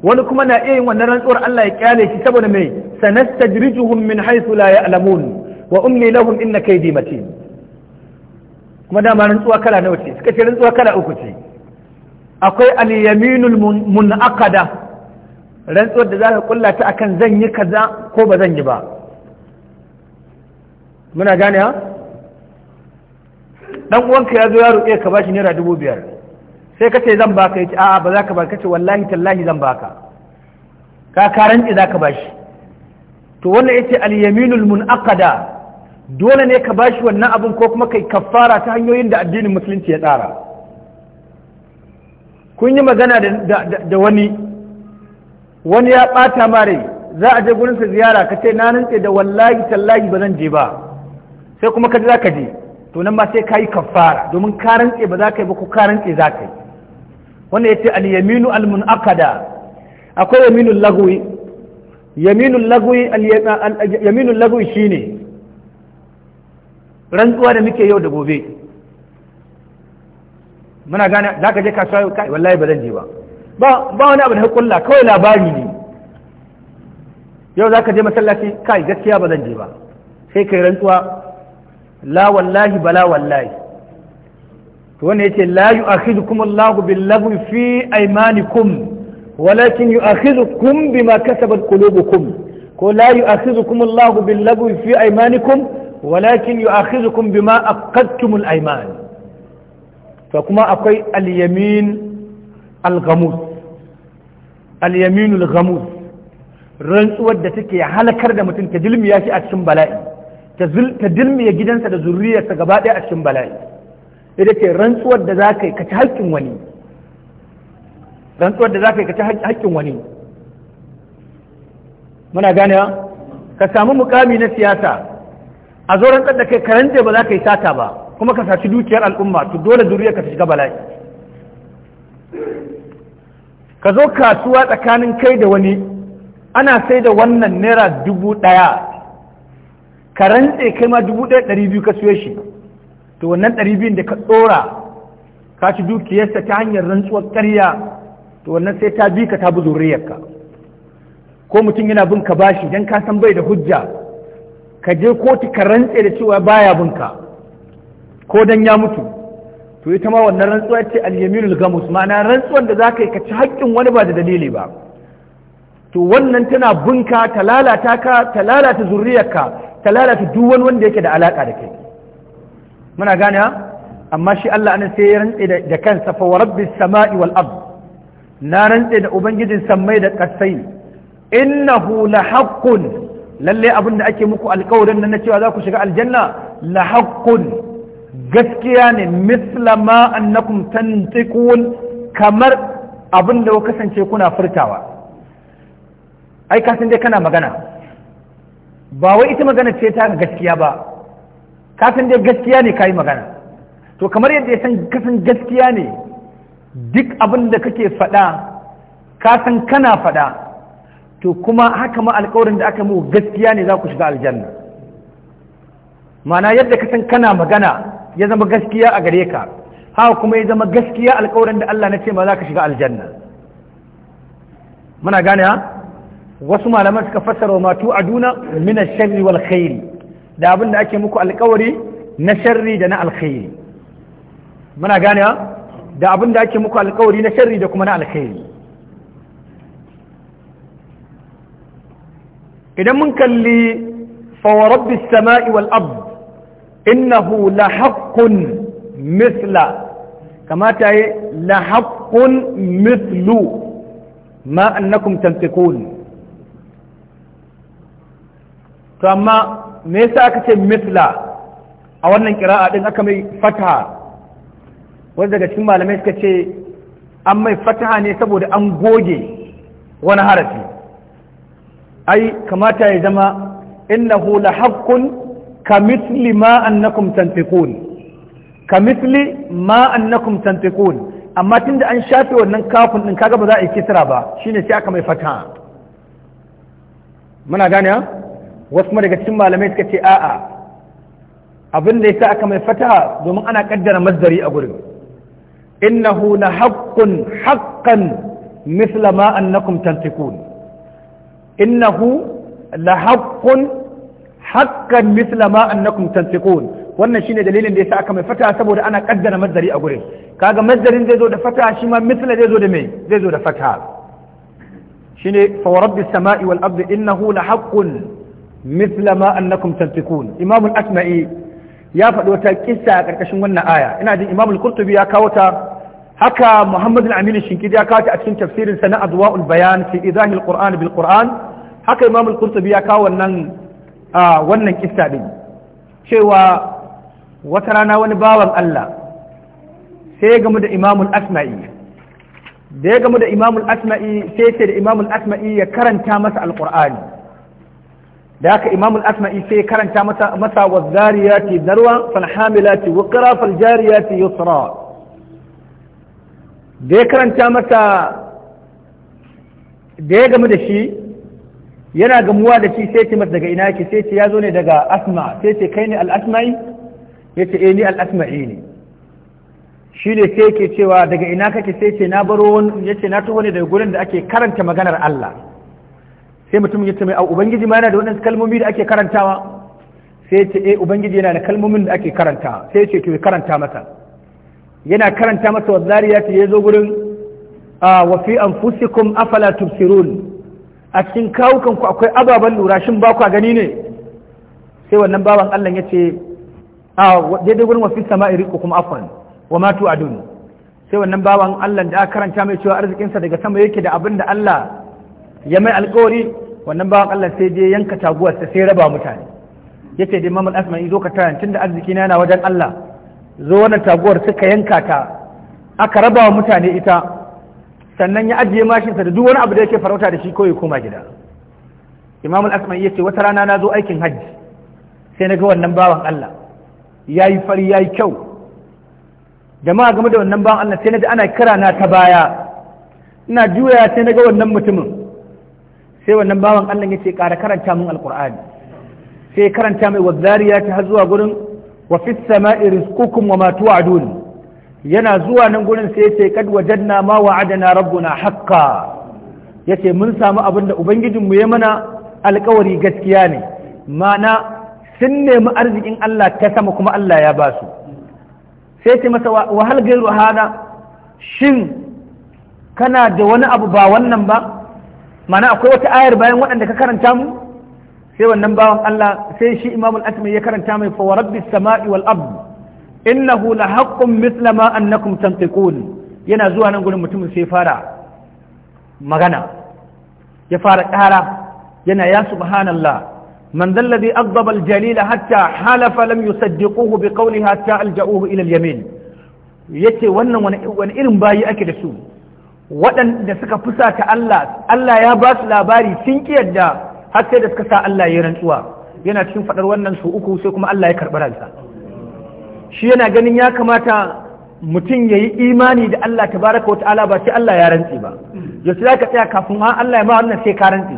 wani kuma na iya yin wannan rantsuwar Allah ya kyale shi saboda me. sanastajrijuhum min haythu la ya'lamun wa umli lahum inna kaydi matin kuma ma rantsuwa kala nawa ce suka ce rantsuwa kala uku ce akwai al-yaminul munaqada rantsuwar da zaka kulla ta akan zan yi kaza ko ba zan yi ba muna gane ha dan uwanka ya zo ya roƙe ka bashi naira dubu biyar sai ka ce zan baka ya ce a'a ba za ka ba ka ce wallahi tallahi zan baka ka karanci za ka bashi to wannan yace al-yaminul munaqada dole ne ka bashi wannan abun ko kuma kai kaffara ta hanyoyin da addinin musulunci ya tsara kun yi magana da wani wani ya ɓata mare za a je gurinsa ziyara ka ce na nantse da wallahi tallahi ba zan je ba sai kuma ka za ka je to nan ma sai ka yi kaffara domin ka rantse ba za ka yi ba ko ka rantse za ka yi wannan ya al-yaminu al-munaqada akwai yaminul lagwi yaminun lagwi shi lagwi shine rantsuwa da muke yau da gobe muna gane za ka je kasuwa kai wallahi ba zan je ba ba wani abu da hukulla kawai labari ne yau za ka je masallaci kai gaskiya ba zan je ba sai kai rantsuwa la wallahi bala wallahi to wanda yace la yu'akhidukum Allahu bil lagwi fi aymanikum walakin yu'akhidhukum bima kasabat qulubukum ko la yu'akhidhukum Allahu bil lagwi fi aymanikum walakin yu'akhidhukum bima aqadtumul ayman fa kuma akwai al-yamin al al rantsuwar da take halakar da mutum ta dilmiya shi a cikin bala'i ta dilmiya gidansa da zurriyarsa gaba ɗaya a cikin bala'i ita ce rantsuwar da za ka yi ka ci haƙƙin wani rantsuwar da za ka yi ka ci haƙƙin wani muna gane ka samu mukami na siyasa a zo rantsar da kai karanje ba za ka yi sata ba kuma ka saci dukiyar al'umma to dole zuriyar ka shiga bala'i ka zo kasuwa tsakanin kai da wani ana sai da wannan naira dubu ɗaya ka rantse kai ma dubu ɗaya ɗari biyu ka siyo shi to wannan ɗari biyun da ka tsora ka ci dukiyarsa ta hanyar rantsuwar ƙarya to wannan sai ta bi ka ta bi zuriyarka ko mutum yana bin ka bashi dan ka san bai da hujja ka je kotu ka rantse da cewa baya bin ka ko dan ya mutu to ita ma wannan rantsuwa ce al-yaminul gamus ma'ana rantsuwar da zaka yi ka ci haƙƙin wani ba da dalili ba to wannan tana bunka ta lalata ka ta lalata zuriyarka ta lalata duk wani wanda yake da alaka da kai muna gane amma shi Allah anan sai ya rantse da kansa fa wa rabbis sama'i wal ard na rantse da ubangijin sammai da ƙasai innahu la haqqun lalle abin da ake muku alƙawarin nan na cewa za ku shiga aljanna la haqqun gaskiya ne misla ma annakum tantiqun kamar abin da kasance kuna furtawa ai ka san dai kana magana ba wai ita magana ce ta gaskiya ba ka san dai gaskiya ne kai magana to kamar yadda ya san kasan gaskiya ne duk abin da kake faɗa kasan kana faɗa to kuma haka ma alkawarin da aka mu gaskiya ne za ku shiga aljanna mana yadda kasan kana magana ya zama gaskiya a gare ka haka kuma ya zama gaskiya alkawarin da Allah na ce ma za ka shiga aljanna muna gane ha wasu malaman suka fassara matu aduna, min ash-sharri wal khairi da abin da ake muku alkawari na sharri da na alkhairi muna gane ha da abin da ake muku alkawari na sharri da kuma na alkhairi idan mun kalli fawarabbi sama'i wal ard innahu la haqqun mithla kamata yi la haqqun mithlu ma annakum tantiqun to amma me yasa aka ce mithla a wannan kira'a din aka mai fata wani daga cikin malamai suka ce an mai fataha ne saboda an goge wani harafi ai kamata ya zama innahu la haqqun kamithli ma annakum tantiqun kamithli ma annakum tantiqun amma tunda an shafe wannan kafin din kaga ba za a yi kisra ba shine sai aka mai fataha muna gane wasu ma daga cikin malamai suka ce a'a abin da yasa aka mai fataha domin ana kaddara mazdari a gurin innahu la haqqun haqqan mithla ma annakum tantiqun innahu la haqqun haqqan mithla ma annakum tantiqun wannan shine dalilin da yasa aka mai fata saboda ana kaddara mazdari a gurin kaga mazdarin zai zo da fata shi ma mithla zai zo da mai zai zo da fata shine fa rabbi samai wal ardi innahu la haqqun mithla ma annakum tantiqun imam al-asma'i ya faɗi wata kissa a ƙarƙashin wannan aya ina jin imam al-qurtubi ya kawo ta haka muhammad al-amin shinkidi ya kawo a cikin tafsirin sa na adwa'ul bayan fi izahil qur'an bil qur'an haka imam al-qurtubi ya kawo wannan wannan kissa din cewa wata rana wani bawan Allah sai ya gamu da imamul asma'i da ya gamu da imamul asma'i sai ce da imamul asma'i ya karanta masa al alqur'ani da haka imamul asma'i sai ya karanta masa masa wazzariyati darwa fal hamilati wa qira fal jariyati yusra da ya karanta masa da ya gamu da shi yana gamuwa da shi sai ce masa daga ina yake sai ce ya zo ne daga asma sai ce kai ne al'asma'i ya ce eh ni al'asma'i ne shi ne sai ke cewa daga ina kake sai ce na baro wani ya ce na taho ne daga gurin da ake karanta maganar Allah sai mutum ya ce mai au ubangiji ma yana da waɗansu kalmomi da ake karantawa sai ce eh ubangiji yana da kalmomin da ake karantawa sai ce ki karanta masa yana karanta masa wazariyati ya zo gurin wa fi anfusikum afala tubsirun a cikin kawukan ku akwai ababen lura shin ba kwa gani ne sai wannan baban Allah ya ce a daidai gurin fi sama iriku kuma afwan wa matu adun sai wannan baban Allah da aka karanta mai cewa arzikinsa daga sama yake da abin da Allah ya mai alkawari wannan baban Allah sai je yanka taguwarsa sai raba mutane yace dai Imam Al-Asmani zo ka tara tunda arziki na yana wajen Allah zo wannan taguwar suka yanka ta aka raba wa mutane ita sannan ya ajiye mashinsa da duk wani abu da yake farauta da shi ko ya koma gida imamul asma yace wata rana na zo aikin hajji sai na ga wannan bawan Allah yayi fari yayi kyau jama'a game da wannan bawan Allah sai na ji ana kira na ta baya ina juya sai na ga wannan mutumin sai wannan bawan Allah yace ƙara karanta min alqur'ani sai karanta mai wazariya ta har zuwa gurin wa fi sama'i rizqukum wa ma tu'adun yana zuwa nan gurin sai yace kad wajadna ma wa'adana rabbuna haqqan yace mun samu abin da ubangijin mu ya mana alkawari gaskiya ne mana sun nemi arzikin Allah ta sama kuma Allah ya ba su sai ce masa wahal gairu hada shin kana da wani abu ba wannan ba mana akwai wata ayar bayan waɗanda ka karanta mu sai wannan bawan Allah sai shi Imam al-Asmi ya karanta mai fa rabbis sama'i wal ard innahu la haqqun mithla ma annakum tantiqun yana zuwa nan gurin mutumin sai fara magana ya fara ƙara yana ya subhanallah man dhal ladhi aghdaba al-jalila hatta halafa lam yusaddiquhu bi qawlihi hatta alja'uhu ila al-yamin yace wannan wani irin bayi ake da su waɗanda suka fusata Allah Allah ya ba su labari sun yadda. har sai da suka sa Allah ya rantsuwa yana cikin faɗar wannan su uku sai kuma Allah ya karɓi ransa shi yana ganin ya kamata mutum ya yi imani da Allah ta baraka wa ta'ala ba sai Allah ya rantsi ba yaushe ka tsaya kafin ma Allah ya ma wannan sai ka rantsi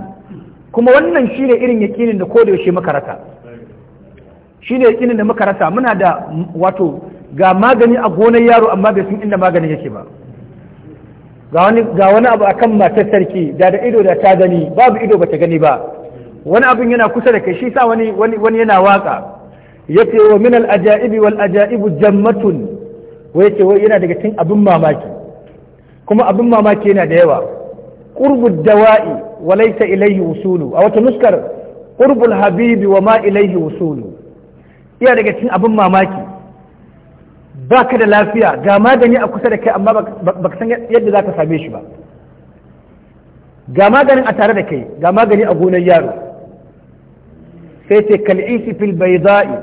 kuma wannan shine irin yakinin da koda yaushe muka rasa shine yakinin da muka rasa muna da wato ga magani a gonar yaro amma bai san inda maganin yake ba ga wani abu akan matar sarki da da ido da ta gani babu ido bata gani ba wani abin yana kusa da kai shi sa wani wani yana waka yace wa min al ajaibi wal ajaibu jammatun wa yace wai yana daga cikin abin mamaki kuma abin mamaki yana da yawa qurbu dawa'i wa laysa ilayhi wusulu a wata nuskar qurbul habibi wa ma ilayhi wusulu iya daga cikin abin mamaki baka da lafiya ga magani a kusa da kai amma baka san yadda zaka same shi ba ga maganin a tare da kai ga magani a gonar yaro sai ce kal'isi fil bayda'i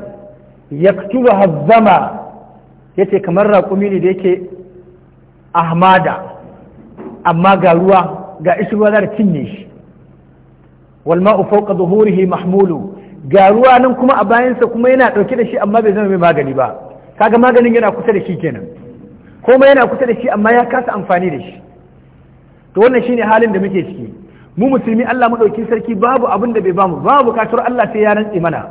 yaktubu hazzama ce kamar raƙumi ne da yake ahmada amma ga ruwa ga ishi ruwa da cinye shi wal ma'u fawqa zuhurihi mahmulu ga ruwa nan kuma a bayansa kuma yana ɗauke da shi amma bai zama mai magani ba kaga maganin yana kusa da shi kenan kuma yana kusa da shi amma ya kasa amfani da shi to wannan shine halin da muke ciki mu musulmi Allah madaukin sarki babu abin da bai bamu babu bukatar Allah sai ya rantse mana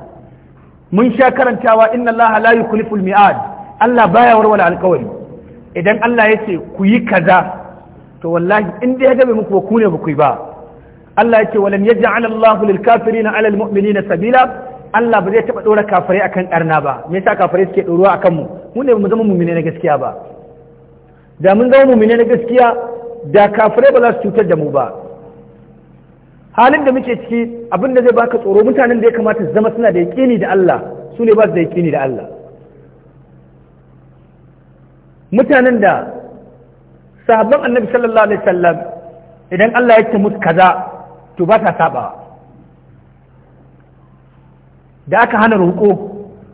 mun sha karantawa inna Allah la yukhlifu miad Allah baya warware alƙawari idan Allah ya ce ku yi kaza to wallahi in dai ya gabe muku ku ne ku yi ba Allah ya ce walan yaj'al Allah lil kafirina ala al mu'minina sabila Allah ba zai taba dora kafirai akan karna ba me yasa kafare suke doruwa akan mu mu ne mu zama mu'mine na gaskiya ba da mun zama mu'mine na gaskiya da kafirai ba za su cutar da mu ba halin da muke ciki abin da zai baka tsoro mutanen da ya kamata zama suna da yaƙini da Allah su ne ba su da yaƙini da Allah mutanen da sahabban annabi sallallahu alaihi wasallam idan Allah ya ce musu kaza to ba ta saba da aka hana roƙo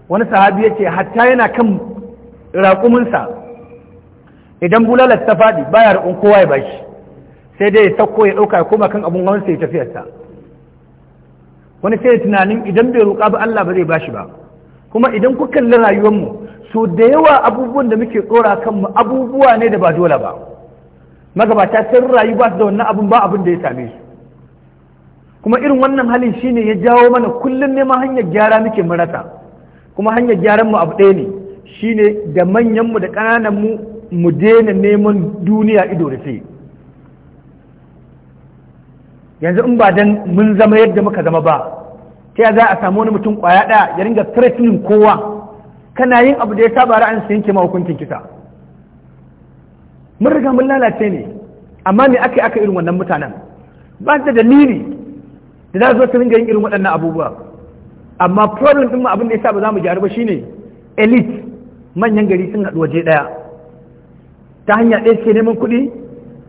wani sahabi ya ce hatta yana kan raƙuminsa idan bulalar ta faɗi baya roƙon kowa ya bashi sai dai ya sauko ya ɗauka kuma kan abun wani sai ya tafiyarsa wani sai ya tunanin idan bai roƙa ba Allah ba zai bashi ba kuma idan ku kalli rayuwarmu so da yawa abubuwan da muke tsora kanmu abubuwa ne da ba dole ba magabata sun rayu ba su da wannan abun ba abin da ya same su kuma irin wannan halin shine ya jawo mana kullum neman hanyar gyara muke marasa kuma hanyar gyaran mu abu ɗaya ne shine da manyanmu da ƙanananmu mu daina neman duniya ido da sai yanzu in ba dan mun zama yadda muka zama ba ta za a samu wani mutum kwaya ɗaya ya ringa threatening kowa kana yin abu da ya saba ra'ayin su yanke ma hukuncin kisa mun riga mun lalace ne amma me aka aka irin wannan mutanen ba da dalili da za su su ringa yin irin waɗannan abubuwa amma problem ɗin mu abin da ya saba za mu gyaru ba shine elite manyan gari sun haɗu waje ɗaya ta hanya ɗaya suke neman kuɗi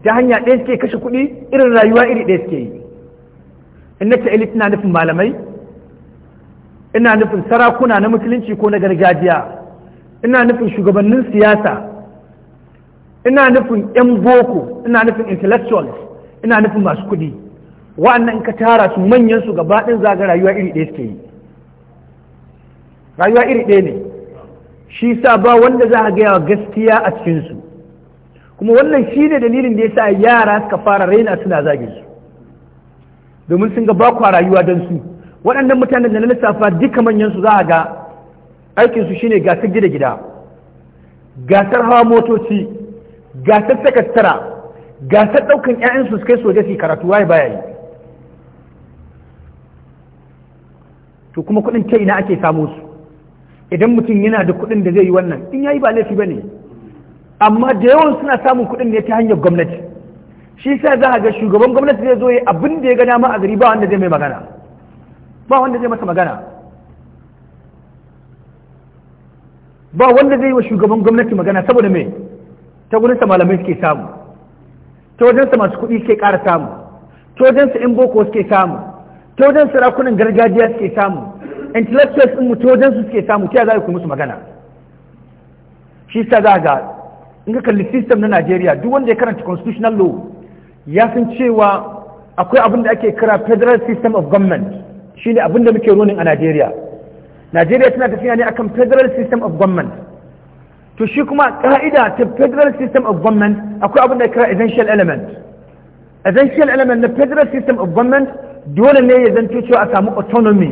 ta hanya ɗaya suke kashe kuɗi irin rayuwa iri ɗaya suke yi in na ina nufin malamai ina nufin sarakuna na musulunci ko na gargajiya ina nufin shugabannin siyasa ina nufin 'yan boko ina nufin intellectuals ina nufin masu kudi wa'annan ka tara su manyan su gaba ɗin zaga rayuwa iri ɗaya suke yi rayuwa iri ɗaya ne shi sa ba wanda za a gaya gaskiya a cikinsu kuma wannan shi ne dalilin da ya sa yara suka fara raina suna zagin su domin sun ga ba ku rayuwa don su waɗannan mutanen da na lissafa duka manyan su za a ga aikin su shine gasar gida gida gasar hawa motoci gasar sakattara gasar ɗaukan ƴaƴan su kai soja su karatu waye baya yi to kuma kuɗin ta ina ake samu su idan mutum yana da kuɗin da zai yi wannan in yayi ba laifi bane amma da yawan suna samun kuɗin ne ta hanyar gwamnati shi sa za a ga shugaban gwamnati zai zo ya abin da ya gana ma a gari ba wanda zai mai magana ba wanda zai masa magana ba wanda zai yi wa shugaban gwamnati magana saboda me ta sa malamai suke samu ta sa masu kuɗi suke ƙara samu ta sa in boko suke samu ta wajen rakunan gargajiya suke samu intellectuals ɗin mu ta su suke samu ta za a yi musu magana shi sa za a ga in ka kalli system na Najeriya duk wanda ya karanta constitutional law ya san cewa akwai abin da ake kira federal system of government shine abin da muke ronin a Najeriya Najeriya tana tafiya ne akan federal system of government to shi kuma ka'ida ta federal system of government akwai abin da ya kira essential element essential element na federal system of government dole ne ya zanto cewa a samu autonomy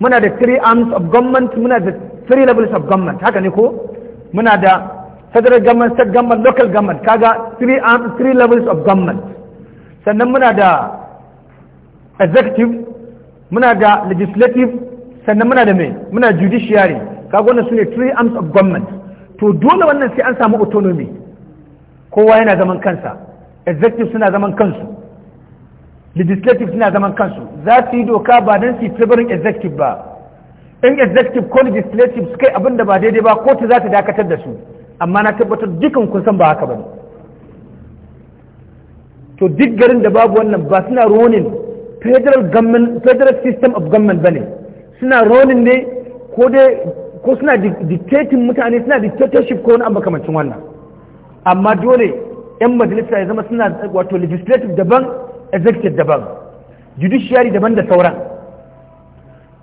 muna da three arms of government muna da three levels of government haka ne ko muna da federal government state government local government kaga three three levels of government sannan muna da executive muna da legislative sannan muna da mai muna judiciary kaga wannan sune three arms of government to dole wannan sai an samu autonomy kowa yana zaman kansa executive suna zaman kansu legislative suna zaman kansu za su yi doka ba don su yi executive ba in executive ko legislative suka yi abin da ba daidai ba kotu za ta dakatar da su amma na tabbatar dukan kun san ba haka ba to duk garin da babu wannan ba suna ronin federal government federal system of government bane suna ronin ne ko dai ko suna dictating mutane suna dictatorship ko wani abu makamancin wannan amma dole yan majalisa ya zama suna wato legislative daban executive daban judiciary daban da sauran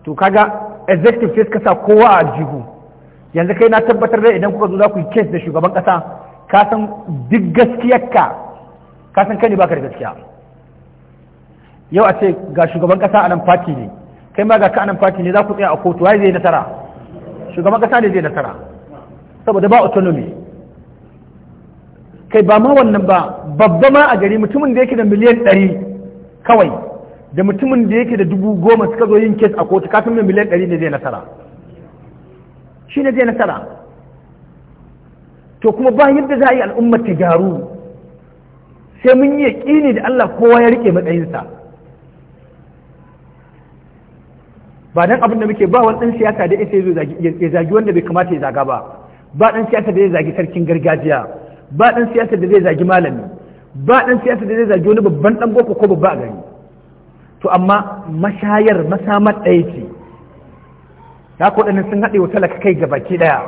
to kaga executive sai suka sa kowa a jihu yanzu kai na tabbatar da idan kuka zo za ku yi kes da shugaban kasa ka san duk gaskiyarka ka san kai ne baka da gaskiya yau a ce ga shugaban kasa a nan fati ne kai ma ga ka a nan fati ne za ku tsaya a kotu wai zai nasara shugaban kasa ne zai nasara saboda ba autonomy kai ba ma wannan ba babba ma a gari mutumin da yake da miliyan ɗari kawai da mutumin da yake da dubu goma suka zo yin kes a kotu kafin mai miliyan ɗari ne zai nasara shi ne zai nasara to kuma ba yadda za a yi al'ummar ta gyaru sai mun yi yaƙini da Allah kowa ya rike matsayinsa ba dan abin da muke ba wani ɗan siyasa da isa ya zagi wanda bai kamata ya zaga ba ba ɗan siyasa da zai zagi sarkin gargajiya ba ɗan siyasa da zai zagi malami ba ɗan siyasa da zai zagi wani babban ɗan boko ko babba a gari to amma mashayar masamar ɗaya ce na ko sun haɗe wa talaka kai ga baki ɗaya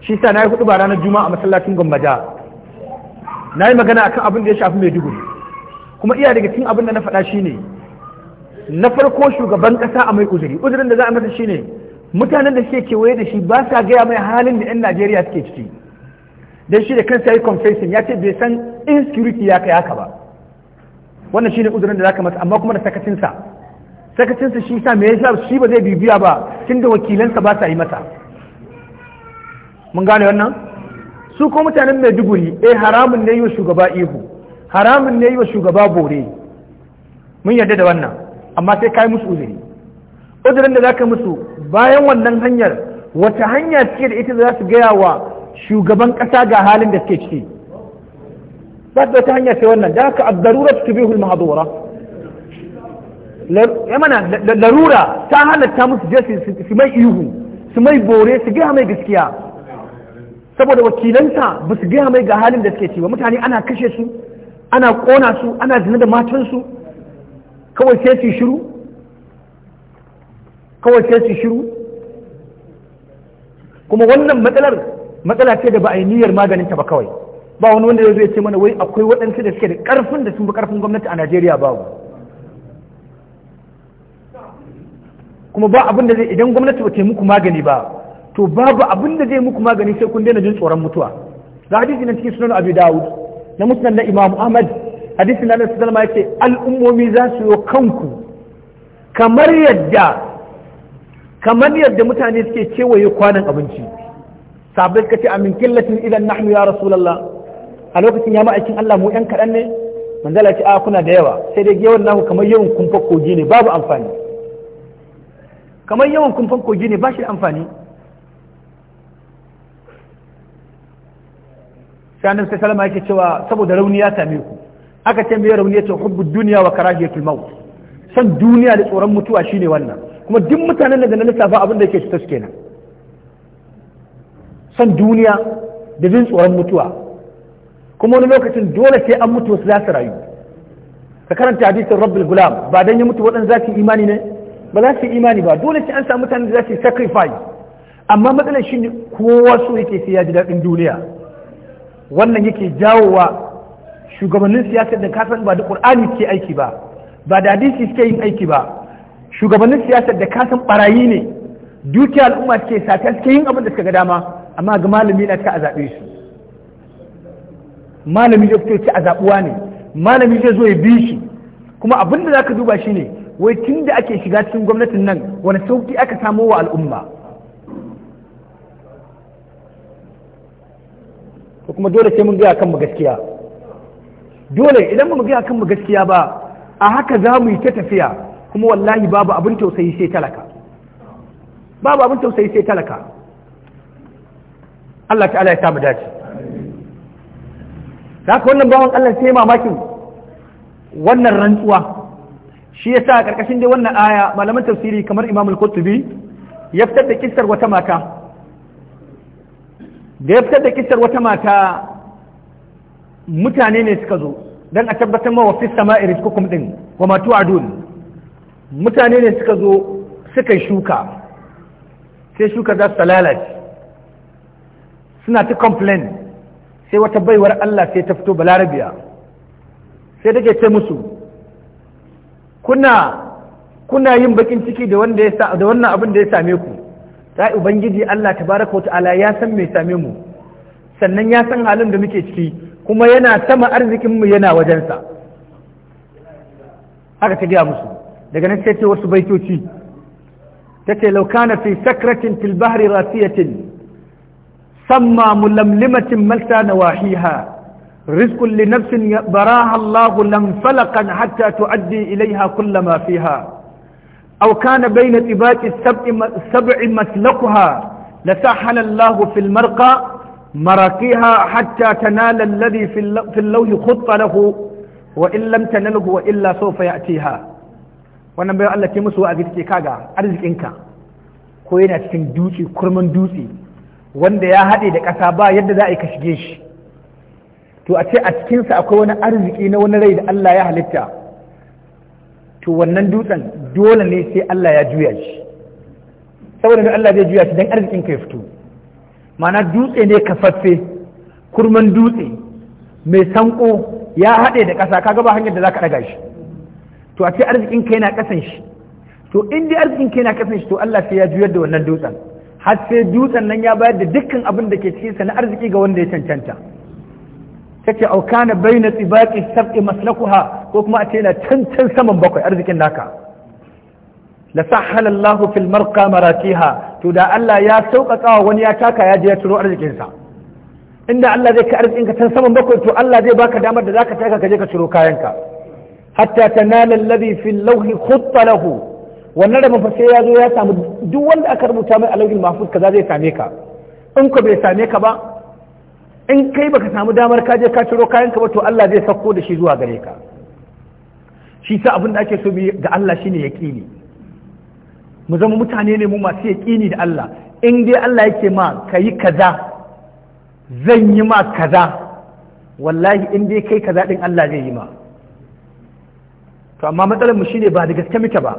shi sa na yi hudu ba ranar juma'a a masallacin gombaja na yi magana akan abin da ya shafi mai dugu kuma iya daga cikin abin da na faɗa shine na farko shugaban ƙasa a mai uzuri uzurin da za a masa shine mutanen da suke kewaye da shi ba sa gaya mai halin da 'yan najeriya suke ciki don shi da kansa yi confession ya ce bai san insecurity ya kai haka ba wannan shine uzurin da za ka masa amma kuma da sakacinsa sakacinsa shi sa me yasa shi ba zai bibiya ba tun da wakilansa ba sa yi mata. mun gane wannan su ko mutanen maiduguri eh haramun ne yi wa shugaba ihu haramun ne yi wa shugaba bore mun yarda da wannan amma sai kai musu uzuri uzurin da za ka musu bayan wannan hanyar wata hanya ce da ita za su gaya wa shugaban ƙasa ga halin da suke ciki za su wata hanya ce wannan da haka abdarura su tubihul mahdura mana larura ta halatta musu je su mai ihu su mai bore su gaya mai gaskiya saboda wakilanta ba su gaya mai ga halin da suke ci ba mutane ana kashe su ana kona su ana zina da matansu kawai sai su shiru kawai sai su shiru kuma wannan matsalar matsala ce da ba a yi niyyar maganinta ba kawai ba wani wanda zai ce mana wai akwai waɗansu da suke da ƙarfin da sun bi ƙarfin gwamnati a najeriya babu kuma ba abin da zai idan gwamnati ba ta muku magani ba to babu abin da zai muku magani sai kun daina jin tsoron mutuwa da hadisi na cikin sunan abu dawud na musnad na imam ahmad hadisi na nasu zalma yake al'ummomi za su yi kanku kamar yadda kamar yadda mutane suke kewaye kwanan abinci sabai suka ce amin killatin idan nahnu ya rasulullah a lokacin ya ma'aikin Allah mu yan kaɗan ne manzala ce a kuna da yawa sai dai yawan naku kamar yawan kumfa kogi ne babu amfani kamar yawan kumfan kogi ne ba shi da amfani sai annabi sai salama yake cewa saboda rauni ya same ku aka ce mai rauni yace hubbu duniya wa karahiyatul maut san duniya da tsoron mutuwa shine wannan kuma duk mutanen da na lissafa abin da yake su kenan san duniya da jin tsoron mutuwa kuma wani lokacin dole sai an mutu wasu za su rayu ka karanta hadisin rabbul gulam ba dan ya mutu waɗanda za su imani ne ba za su yi imani ba dole sai an samu mutanen da za su yi sacrifice amma matsalar shi ne kowa so yake sai ya ji daɗin duniya wannan yake jawowa shugabannin siyasar da kasan ba da ƙur'ani suke aiki ba ba da hadisi suke yin aiki ba shugabannin siyasar da kasan barayi ne dukiya al'umma suke sata suke yin abin da suka ga dama amma ga malami na ta a zaɓe su malami zai fito ci a zaɓuwa ne malami zai zo ya bi shi kuma abin da za ka duba shi ne wai tun da ake shiga cikin gwamnatin nan wani sauki aka samo wa al'umma ko kuma dole sai mun gaya kanmu gaskiya dole idan mu gaya kanmu gaskiya ba a haka za mu yi ta tafiya kuma wallahi babu abin tausayi sai talaka babu abin tausayi sai talaka Allah ta'ala ya samu dace haka wannan bawan Allah sai mamakin wannan rantsuwa shi yasa a karkashin dai wannan aya malaman tafsiri kamar imamul kutubi qurtubi ya fitar da kissar wata mata da ya fitar da kissar wata mata mutane ne suka zo dan a tabbatar ma wa fi sama'i rizqukum din wa ma tu'adun mutane ne suka zo suka shuka sai shuka za su lalace suna ta complain sai wata baiwar Allah sai ta fito balarabiya sai take ce musu kuna kuna yin bakin ciki da wanda ya da wannan abin da ya same ku sai ubangiji Allah tabaraka wa ta'ala ya san me same mu sannan ya san halin da muke ciki kuma yana sama arzikin mu yana wajensa haka ta gaya musu daga nan sai ce wasu baitoci ta law kana fi sakratin fil bahri rasiyatin samma mulamlimatin malta nawahiha رزق لنفس براها الله لمفلقا حتى تؤدي إليها كل ما فيها أو كان بين طباق السبع مسلكها لسحل الله في المرقى مرقيها حتى تنال الذي في اللوح خط له وإن لم تنله وإلا سوف يأتيها wannan bayan Allah ke musu wa'azi take kaga arzikinka ko yana cikin dutse kurman dutse wanda ya haɗe da ƙasa ba yadda za a yi ka shige shi to a ce a cikinsa akwai wani arziki na wani rai da Allah ya halitta to wannan dutsen dole ne sai Allah ya juya shi saboda da Allah zai juya shi dan arzikin ka ya fito ma'ana dutse ne kafaffe kurman dutse mai sanko ya haɗe da ƙasa kaga ba hanyar da za ka ɗaga shi to a ce arzikin ka yana ƙasan shi to in dai arzikin ka yana ƙasan shi to Allah sai ya juyar da wannan dutsen har sai dutsen nan ya bayar da dukkan abin da ke cikinsa na arziki ga wanda ya cancanta yace au kana baina tibaqi sab'i maslakuha ko kuma a ce can cancan saman bakwai arzikin naka la sahhala Allahu fil marqa maratiha to da Allah ya sauƙaƙa wani ya taka ya je ya turo arzikin sa inda Allah zai ka arzikin ka can saman bakwai to Allah zai baka damar da zaka taka ka je ka ciro kayanka hatta tanala alladhi fil lawhi khutta lahu wannan da mafa ya zo ya samu duk wanda aka rubuta mai lauhin mahfuz kaza zai same ka in ko bai same ka ba in kai baka samu damar ka je ka ciro kayan ka ba to Allah zai sauko da shi zuwa gare ka shi sa abin da ake so bi ga Allah shine yaqini mu zama mutane ne mu masu yaqini da Allah in dai Allah yake ma kayi kaza zan yi ma kaza wallahi in dai kai kaza din Allah zai yi ma to amma matsalar mu shine ba da gaske muke ba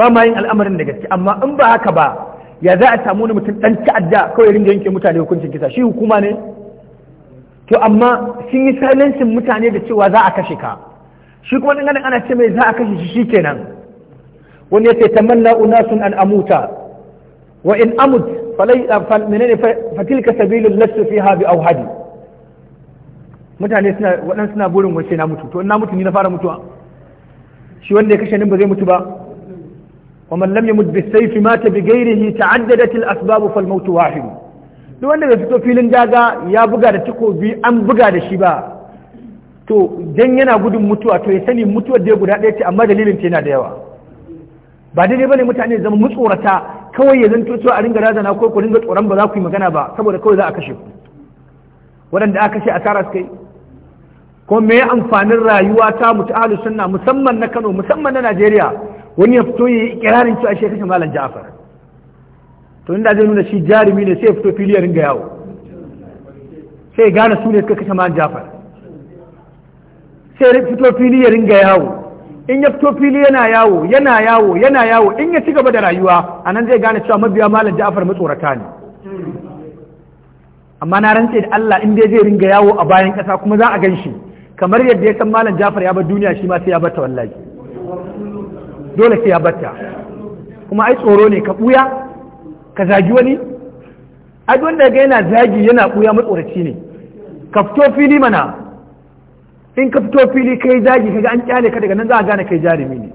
ba ma yin al'amarin da gaske amma in ba haka ba ya za a samu wani mutum dan ta'adda kawai ringa yanke mutane hukuncin kisa shi hukuma ne to amma sun yi silencing mutane da cewa za a kashe ka shi kuma ganin ana ce mai za a kashe shi shikenan wani ya yace tamanna unasun an amuta wa in amut falai menene fatilka sabilul lastu fiha bi awhadi mutane suna waɗansu suna burin wace na mutu to in na mutu ni na fara mutuwa shi wanda ya kashe ni ba zai mutu ba ومن لم يمت بالسيف مات بغيره تعددت الأسباب فالموت واحد duk wanda bai fito filin daga ya buga da takobi an buga da shi ba to dan yana gudun mutuwa to ya sani mutuwar da ya guda ɗaya ce amma dalilin ta yana da yawa ba daidai bane mutane zama mutsorata kawai ya zanto cewa a ringa razana ko ku ringa tsoron ba za ku yi magana ba saboda kawai za a kashe ku waɗanda aka kashe asara kai yi ko me amfanin rayuwa ta mutu ahlus sunna musamman na Kano musamman na Najeriya wani ya fito ya yi ikirarin cewa shi kashe malam ja'afar to inda zai nuna shi jarumi ne sai ya fito fili ya ringa yawo sai ya gane su ne suka kashe malam ja'afar. sai ya fito fili ya ringa yawo in ya fito fili yana yawo yana yawo yana yawo in ya ci gaba da rayuwa a nan zai gane cewa mabiya malam ja'afar matsorata ne amma na rantse da Allah in dai zai ringa yawo a bayan ƙasa kuma za a gan shi kamar yadda ya san malam ja'afar ya bar duniya shi ma sai ya bar ta wallahi dole sai ya batta kuma ai tsoro ne ka buya ka zagi wani ai wanda ga yana zagi yana buya matsoraci ne ka fito fili mana in ka fito fili kai zagi kaga an kyale ka daga nan za a gane kai jarumi ne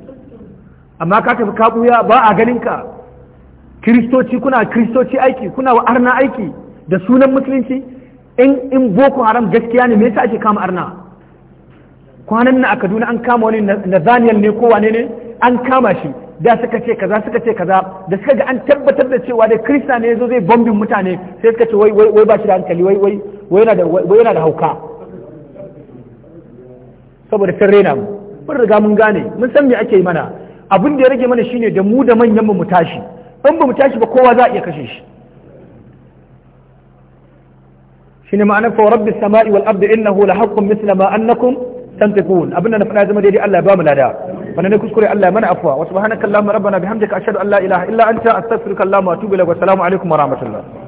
amma ka tafi ka buya ba a ganin ka kiristoci kuna kiristoci aiki kuna wa arna aiki da sunan musulunci in in boko haram gaskiya ne me yasa ake kama arna kwanan na a kaduna an kama wani na ne ko wane ne an kama shi da suka ce kaza suka ce kaza da suka ga an tabbatar da cewa dai krista ne yazo zai bombin mutane sai suka ce wai wai ba shi da hankali wai wai wai yana da hauka saboda sun rena mu mun riga mun gane mun san me ake mana abin da ya rage mana shine da mu da manyan mu tashi in ba mu tashi ba kowa za a iya kashe shi shine ma'ana fa rabbi sama'i wal ardi innahu lahaqqun misla ma annakum tantiqun abinda na faɗa zama daidai Allah ya ba mu lada wanda ne kuskure Allah ya mana afwa wa subhanakallahumma rabbana bihamdika ashhadu an la ilaha illa anta astaghfiruka wa atubu ilaik wa assalamu alaikum wa rahmatullah